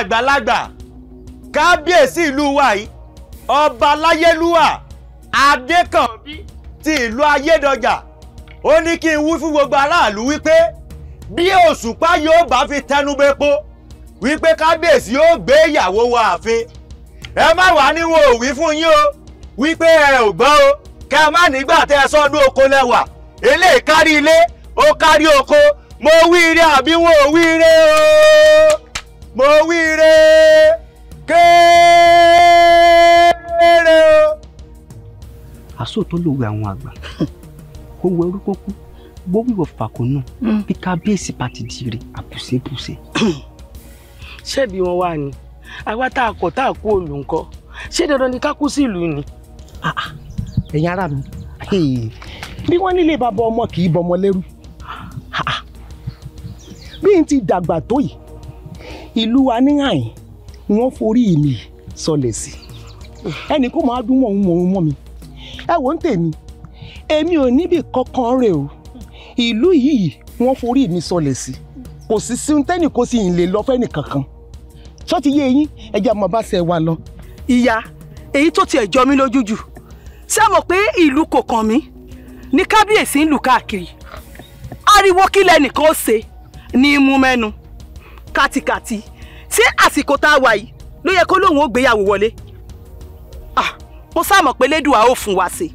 [SPEAKER 1] àgbàlagbà kábíyèsí ìlú wa yìí ọba láyélúwà adékànbí ti ìlú ayédọjà ó ní kí n wí fún gbogbo aráàlú wípé bí òṣùpá yóò bá fi tẹnubẹ́po wípé kábíyèsí yóò gbé ìyàwó wa àfin ẹ má wàá ní wọn ò wí fún yín o wípé ẹ ò gbọ́ o kẹ má nígbà tẹ ẹ sọdún oko lẹwà eléyìí kárí ilé ó kárí oko mo wí ire àbí wọn ò wí ire o mo wíire kéèrè o. àsòótọ́ lòwe àwọn àgbà kó wọ orúkọ kú gbówíwọ̀ fàkónú hmm. bí kábíyèsí pàtìdìrì àbùsẹ̀bùsẹ̀. ṣebí wọn wá ni àwa tá a kọ̀ tá a kú olùkọ ṣé dandan ni ká kú sí ìlú ni. Ah, ah. ẹ̀yin ará mi bí wọ́n nílé bàbá ọmọ kì í bọmọ lẹ́rú bí n ti dàgbà tó yìí ìlú wa ní àyìn ni wọ́n forí mi sọlẹ̀ sí ẹnì kó máa dún mọ̀ọ́hún mọ̀ọ́hún mọ́ mi ẹ wò ń tèmi èmi ò níbì kankan rè o ìlú yìí wọ́n forí mi sọlẹ̀ sí kò sí síntẹ́nì kò sí ìlè lọ fẹ́nì kankan ṣọ́ọ̀tì yé yín ẹja máa bá ṣe wa lọ. ìyá èyí tó tiẹ̀ jọ mí lójú jù ṣé mo pé ìlú kò kàn mí ní kábíyèsí ń lù káàkiri ariwo kílẹ̀ nìkan ó ṣe ní í mú mẹ́nu kátikàti tí àsìkò tá a wà yìí ló yẹ kó lóun ó gbéyàwó wọlé ah, mo sáàmọ̀ pé lédùá ó fún wa sí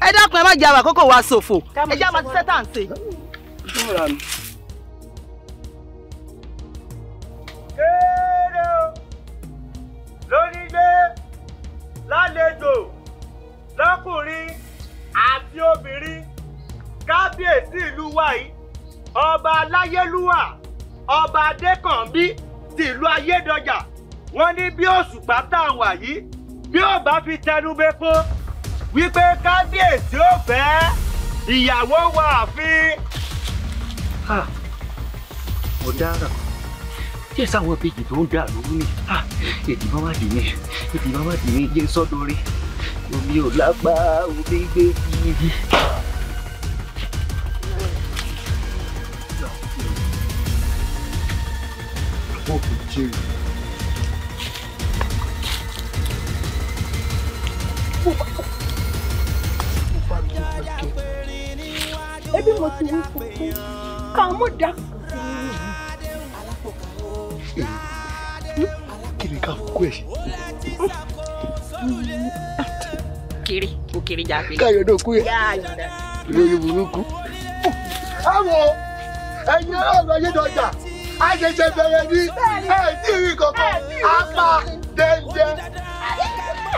[SPEAKER 1] ẹ dákun ẹ má jẹ àwọn àkókò wa ṣòfò ẹ jẹ́ àwọn ti sẹ́tà ń ṣe. kéèrè o lónílé lálejò lọ́kùnrin àti obìnrin kábíyèsí ìlú wa yìí ọba aláyélúwà ọba adékànbí tìlú ayédọjà wọ́n ní bí òṣùpá tá a wà yìí bí ó bá fi tẹnu bẹpo wípé kábíyèsí ò fẹ́ ìyàwó wa àfin. mo dára jẹ́ sáwọn péjì tó ń dà lóhùn ni èdè máma dì mí èdè máma dì mí jẹ́ sọ́dọ̀rí omi ò lápá omi gbé yìí. Bok dzieje. Ebi mo ti wí fún pé ká mú Kiri, kiri jà pé. do náà kú yẹ. Lórí burúkú. Àwọn ẹ̀yin aráàlú ayé dọjà a ṣẹ̀ṣẹ̀ bẹ̀rẹ̀ ní ẹ̀ẹ́dì rí kankan a pa dẹ́ndẹ́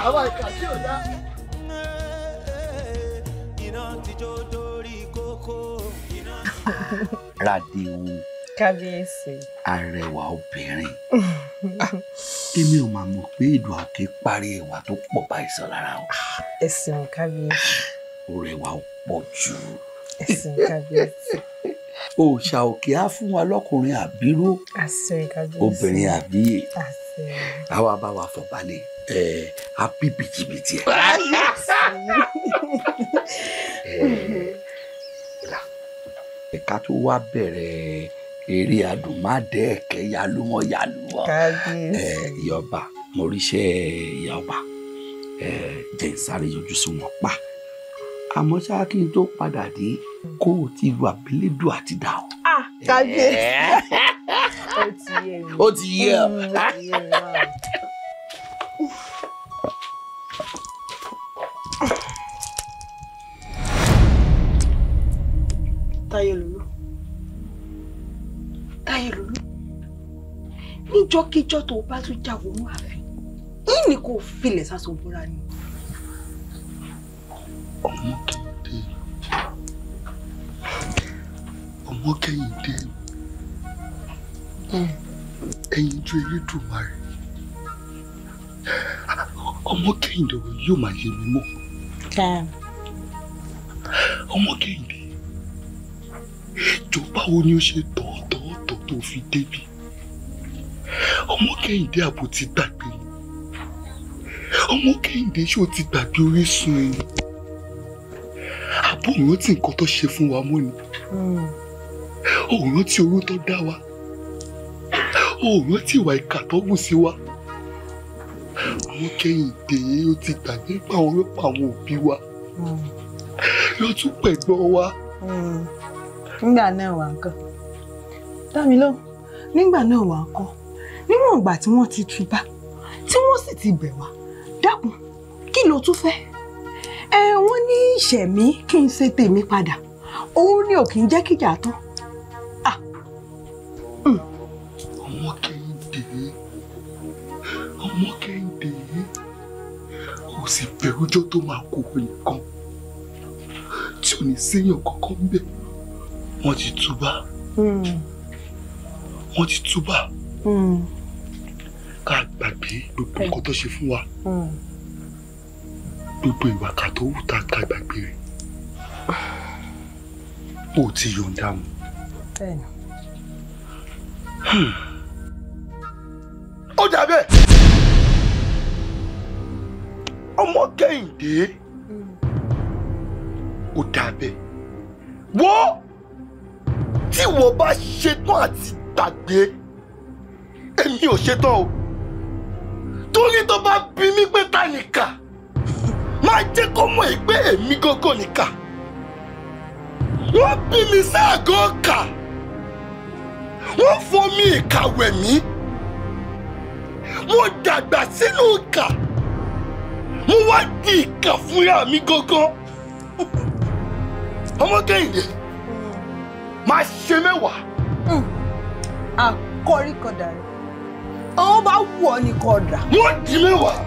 [SPEAKER 1] àwọn ìkà tí ò dá. Rádìwù kábíyèsí arẹwà obìnrin ah, èmi ò máa mọ̀ pé ìlú àké parí ẹ̀wà tó pọ̀ báyìí sọ lára o. Ah, ẹ̀sìn kábíyèsí. ó rẹwà ó pọ̀ jù. ẹ̀sìn kábíyèsí. òòṣà òkè á fún wa lọ́kùnrin àbírú obìnrin àbíyè àwa bá wa fọ̀balẹ̀ ẹ̀ á bí bìtìbìtì ẹ̀. ẹ̀ka tó wá bẹ̀rẹ̀ eré adùnmáàdẹ́ ẹ̀kẹ́ yalúmọ́ yalúmọ́ ìyọba mo ríṣẹ́ ìyọba jẹ́ ìsáré yọjú sí wọn pa àmọ́ ṣáà kí n tó padà dé kó o ti àti dà ah kábíyèsí ó ti yé mi ó ti yé ọ. Táyélolú Táyélolú níjọ́kíjọ́ tó o bá tún jáwọ́ nù ààfin yín ni kò filẹ̀ sásọ bóra ni ọmọ kẹ́hìndé ọmọ kẹ́hìndé hmm. ẹyin ju Elédùmarè ọmọ kẹ́hìndé yóò máa yé mi mọ́ ọmọ kẹ́hìndé jọ báwo ni ó ṣe tọ̀ọ̀tọ̀ọ̀tọ̀ tó fi débi ọmọ kẹ́hìndé àbò ti gbàgbé ọmọ kẹ́hìndé ṣó ti gbàgbé orísun ẹni bó rántí nǹkan tó ṣe fún wa mọ́ ni hmm. ó rántí oró tó dá wa ó rántí ìwà ìkà tó wù sí wa àwọn kẹ́yìn dé ó ti gbàgbé pa àwọn yóò àwọn òbí wa hmm. yóò tún pẹ̀gbọ́n wa. Hmm. nígbà náà wà á kọ́ dámi lóhùn nígbà náà wà á kọ́ níwọ̀n ìgbà tí wọ́n ti tú tí wọ́n sì ti bẹ̀ wá dákun kí lo tún fẹ́ ẹ wọ́n ní ìṣẹ̀mí kí n ṣe tèmi padà òun ni ò kì í jẹ́ kíjà tán. Ah. Hmm. ọmọ kẹ́hìndé ọmọ kẹ́hìndé ò sì bẹ̀rù ọjọ́ tó máa kó o nìkan tí ò ní séèyàn kankan ń bẹ̀ wọ́n ti túbà hmm. wọ́n ti túbà hmm. ká gbàgbé gbogbo nǹkan tó ṣe fún wa. Mm gbogbo ìwàkà tó wù tá a ká gbàgbé rẹ̀ ó ti yọ̀ǹda wọn. bẹ́ẹ̀ni. ó dà ọmọ kẹ́hìndé ó dà wo tí wo bá ṣetán àti gbàgbé èmi ò ṣetán o torí tó bá bí mi pé ta nìkan máa jẹ́ kó mọ̀ ẹ́ pé èmi gógó ni kà wọ́n bí mi sáàgó kà wọ́n fomi ìkàwé mi mo dàgbà sínú kà mo wá di ìkà fúnra mi gógó ọmọ kẹ́hìndé máa ṣe mẹ́wàá. Hmm. àkọ́rí kọ̀dà rẹ̀ ọ̀hún bá wù ọ́ ní kọ̀dà. wọ́n di mẹ́wàá.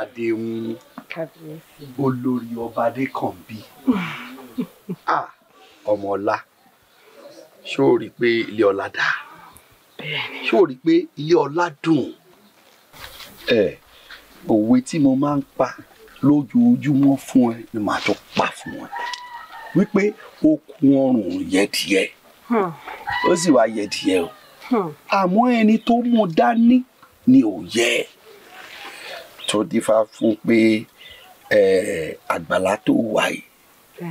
[SPEAKER 1] adéhùn olórí ọba adékànbí ah, ọmọ ọlá ṣó o rí i pé ilé ọlá dáa ṣó o rí pé ilé ọlá dùn ẹ òwe tí mo máa ń pa lójoojúmọ́ fún ẹ ni màá tó pa fún ẹ wípé okùn ọrùn yẹdìẹ hmm. ó sì wá yẹdìẹ o hmm. àmọ́ ẹni tó mú dání ni ò yẹ tó dífá fún pé àgbàlá tó wà yìí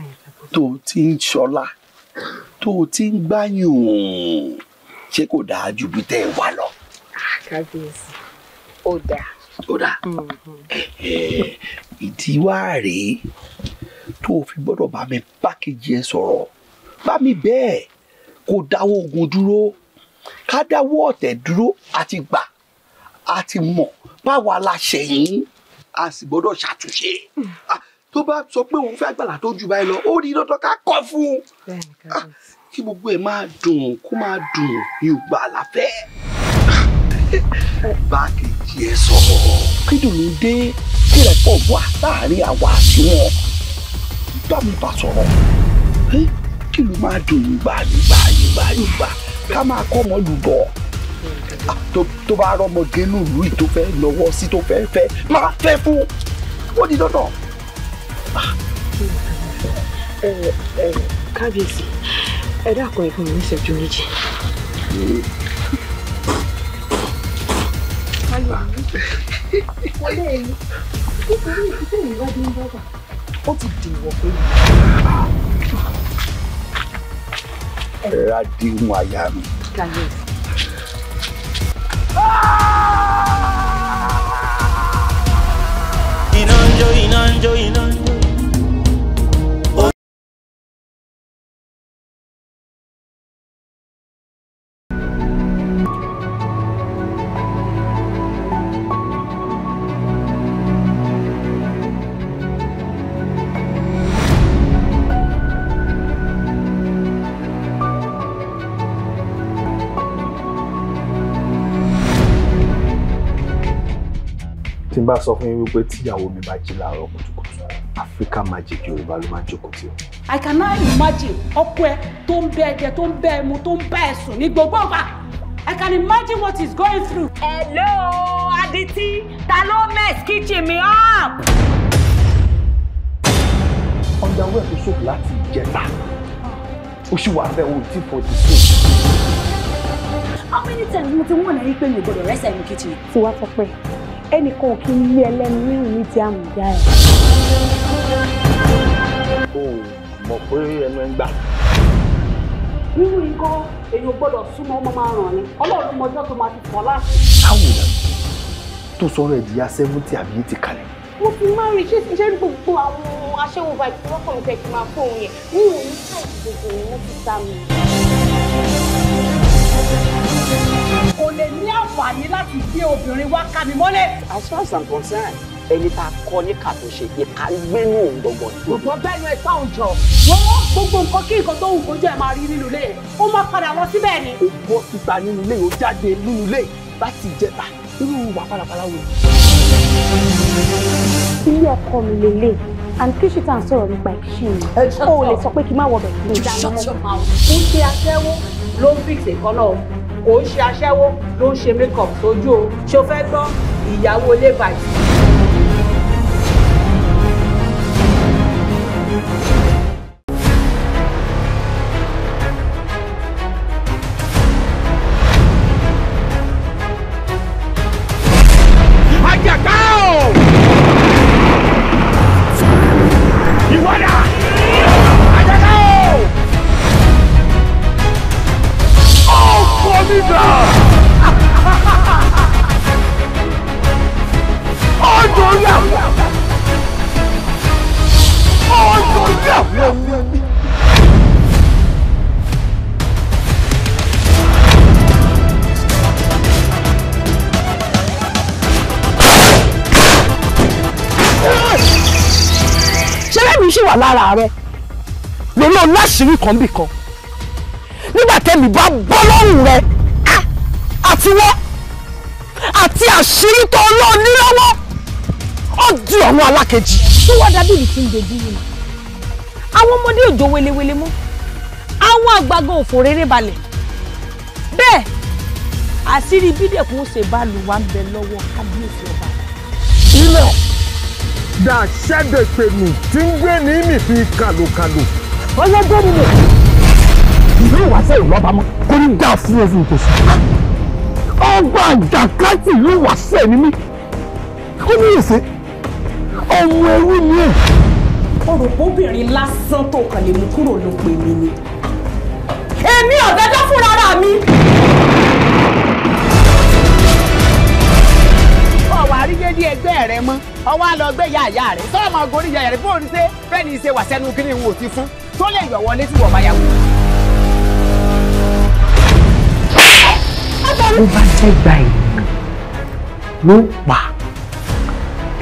[SPEAKER 1] tó ti ń ṣọlá tó ti ń gbáyùn ṣé kò dáa ju bí tẹ́ ẹ wà lọ. kábíyèsí ó dáa. ó dáa mm-hmm. ìdí wá rèé tó o fi gbọ́dọ̀ bá mi pákéjì ẹ sọ̀rọ̀ bá mi bẹ́ẹ̀ kó dáwọ́ ogun dúró ká dáwọ́ ọ̀tẹ̀ dúró àti gbà a ti mọ̀ báwa la ṣẹ̀yìn a sì gbọ́dọ̀ ṣàtúnṣe ah, tó bá sọ pé òun fẹ́ gbàlà tó jù báyìí lọ ó rí lọ́dọ̀ ká kọ́ fún un ah, kí gbogbo ẹ̀ máa dùn kó máa dùn yorùbá la fẹ́ ah. báàkejì ẹ sọ̀rọ̀ kí dùnú dé kí rẹ̀ pọ̀ wà láàrin àwa àti wọn bá mi bá sọ̀rọ̀ kí ló máa dùn yorùbá yorùbá yorùbá ká máa kọ́ ọmọ lùbọ̀ tó bá rọmọge lùlù yìí tó fẹ́ lọ́wọ́ sí tó fẹ́ fẹ́ máa fẹ́ fún ó di dandan. Ah. kábíyèsí ẹ dákun ìfún mi ní ìṣẹ́jú méjì. ó ti dìwọ̀ pé. ẹ ra dihun àyà mi. kábíyèsí. Inanjo, Inanjo, in. n bá sọ fún yín wípé tíyàwó mi bá jí làárọ̀ kùtùkùtù Africa magic Yorùbá ló máa jókòó tí o. I cannot imagine ọkọ ẹ tó ń bẹ ẹjẹ tó ń bẹ ẹmu tó ń bẹ ẹsùn ní gbogbo ọba I can imagine what he's going through. Hello Aditi ta ló mess kitchen mi up. underwear tó ṣòfò láti ìjẹta ó ṣì wà bẹ́ẹ̀ o ti forty six. How many times mo ti wọ̀n náà yí pé mi ò gbọdọ̀ rẹ́sẹ̀ mi kitchen. tiwa tọpẹ ẹnìkan ò kí ń yí ẹlẹ́nu nínú ní ti àmùdá ẹ̀. o ò mọ̀ pé ẹnu ẹ ń gbà. nínú ikọ́ èyí ò gbọ́dọ̀ súnmọ́ ọmọ máa ràn ni ọlọ́run mọjọ́ tó máa ti fọ́ láti. báwo la tó sọ̀rọ̀ ìjìyà sẹ́fúntì àbí ti kalẹ̀. mo ti máa rí ṣé ṣé gbogbo àwọn aṣẹ́wó bàjẹ́ tí wọ́n kàn fẹ́ kí máa fóun yẹn mi ò ní káàdì gbogbo ìwọ́n ti sá mi kò lè ní àǹfààní láti gbé obìnrin wá ká mi mọ́lẹ̀. as far as i'm concerned ẹni tá a kọ ní kàtúnṣe ìka gbénú òun gbọ̀ngàn. gbogbo bẹ́ẹ̀ni ẹ̀ sáwọn jọ. wọ́n gbogbo nǹkan kí nǹkan tó wù kó jẹ́ máa rí nínú ilé ẹ̀ ó máa padà lọ síbẹ̀ ni. o bọ́ síta nínú ilé o jáde nínú ilé láti jẹta irú wà pàlàpàlà wò. ilé ọkọ mi lélẹ̀ and kíṣì tá à ń sọ̀rọ̀ nípa ìkíṣì mi. o lè sọ pé kí n má wọ bẹ̀ fún mi. ó ṣe aṣẹ́wó ló ń fìkì ìkọ́nà kò ń ṣe aṣẹ́wó ló ń ṣe make up sójú o ṣo fẹ́ gbọ́ ìyàwó lébàjì. lára rẹ lórí oláṣìírí kan bì kan nígbà tẹ́mi bá bọ́ lọ́rùn rẹ ah, àti wọ́n àti àṣírí tó lọ́ọ́ nílọ́wọ́ ó di ọ̀run alákejì. tí wọ́n dàbí ìdí tí ń dojú yìí àwọn ọmọdé òjò welewele mọ́ àwọn àgbàgbà òfò rere balẹ̀ bẹ́ẹ̀ àṣírí bídẹ̀kùn ó ṣe bá lù ń bẹ lọ́wọ́ kábíyèsí ọba. ilé ọ̀ dàṣẹ́dẹ̀pẹ̀lú tí ń gbé ní mì fi kàlòkàlò ọlọ́gbọ́n mi nìyẹn. ìlú ìwàsẹ̀ ìlọ́ba mọ́ kò ní dá fún òfin ìtòsí. ọgbà àjàkátì ìlú ìwàsẹ̀ ni mí ó ní èsè ọmọ ẹrú ni ẹ. òròpóbìnrin lásán tó kàn lè mú kúrò ló pè mí ni. èmi ọ̀gájọ́ fúnra mi. ọ̀wà àríyé ní ẹgbẹ́ rẹ mọ́ ọwọ́ àlọ́ gbé ya àyà rẹ̀ sọ́wọ́ máa gorí ya àyà rẹ̀ fóònù ṣe fẹ́ẹ́ ní ṣe wà sẹ́nu kí ni n ò ti fún tó lè yọ̀ wọlé tí wọ́n bá yàgò. ló bá fẹ́ gba ènìyàn ló pa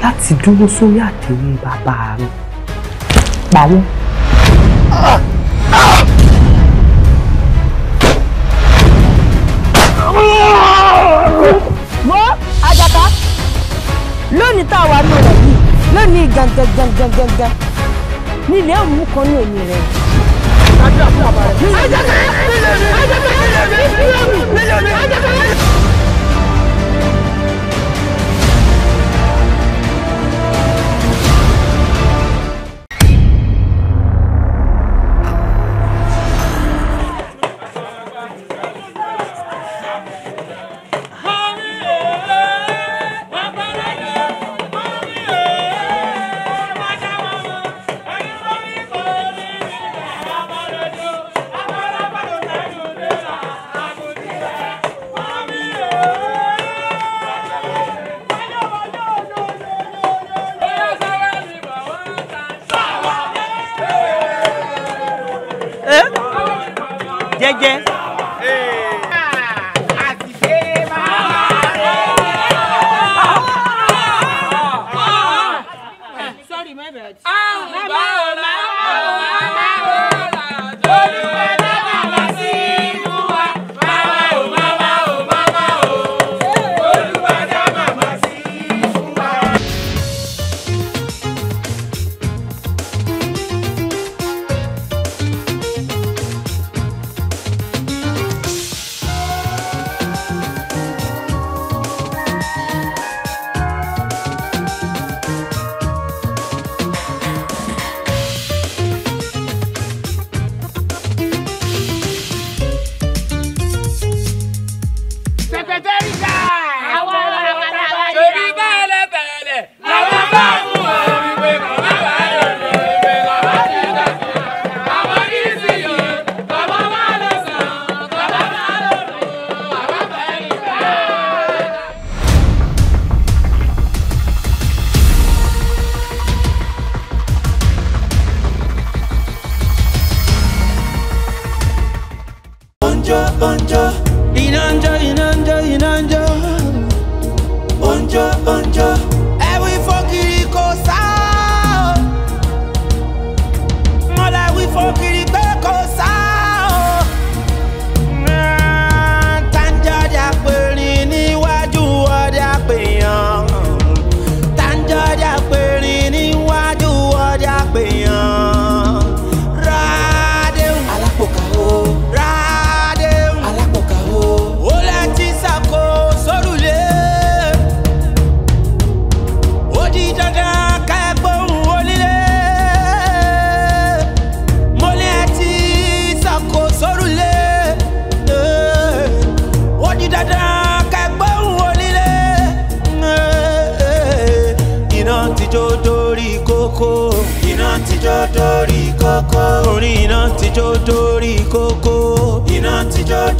[SPEAKER 1] láti dúró sórí àtẹ̀wé bàbá rẹ̀ pa ibi tá a wà nù rẹ̀ yìí lónìí gangangangangan nílé òmùkọ́ ní èmi rẹ̀. ajá kí ni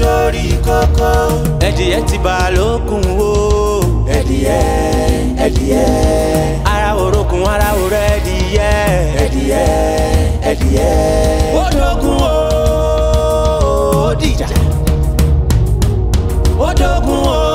[SPEAKER 1] dórí kókó. ẹdìyẹ ti bà lókun o. ẹdìyẹ ẹdìyẹ. ara orokun ara oró ẹdìyẹ. ẹdìyẹ ẹdìyẹ. ó dógun o ó dìjà ó dógun o.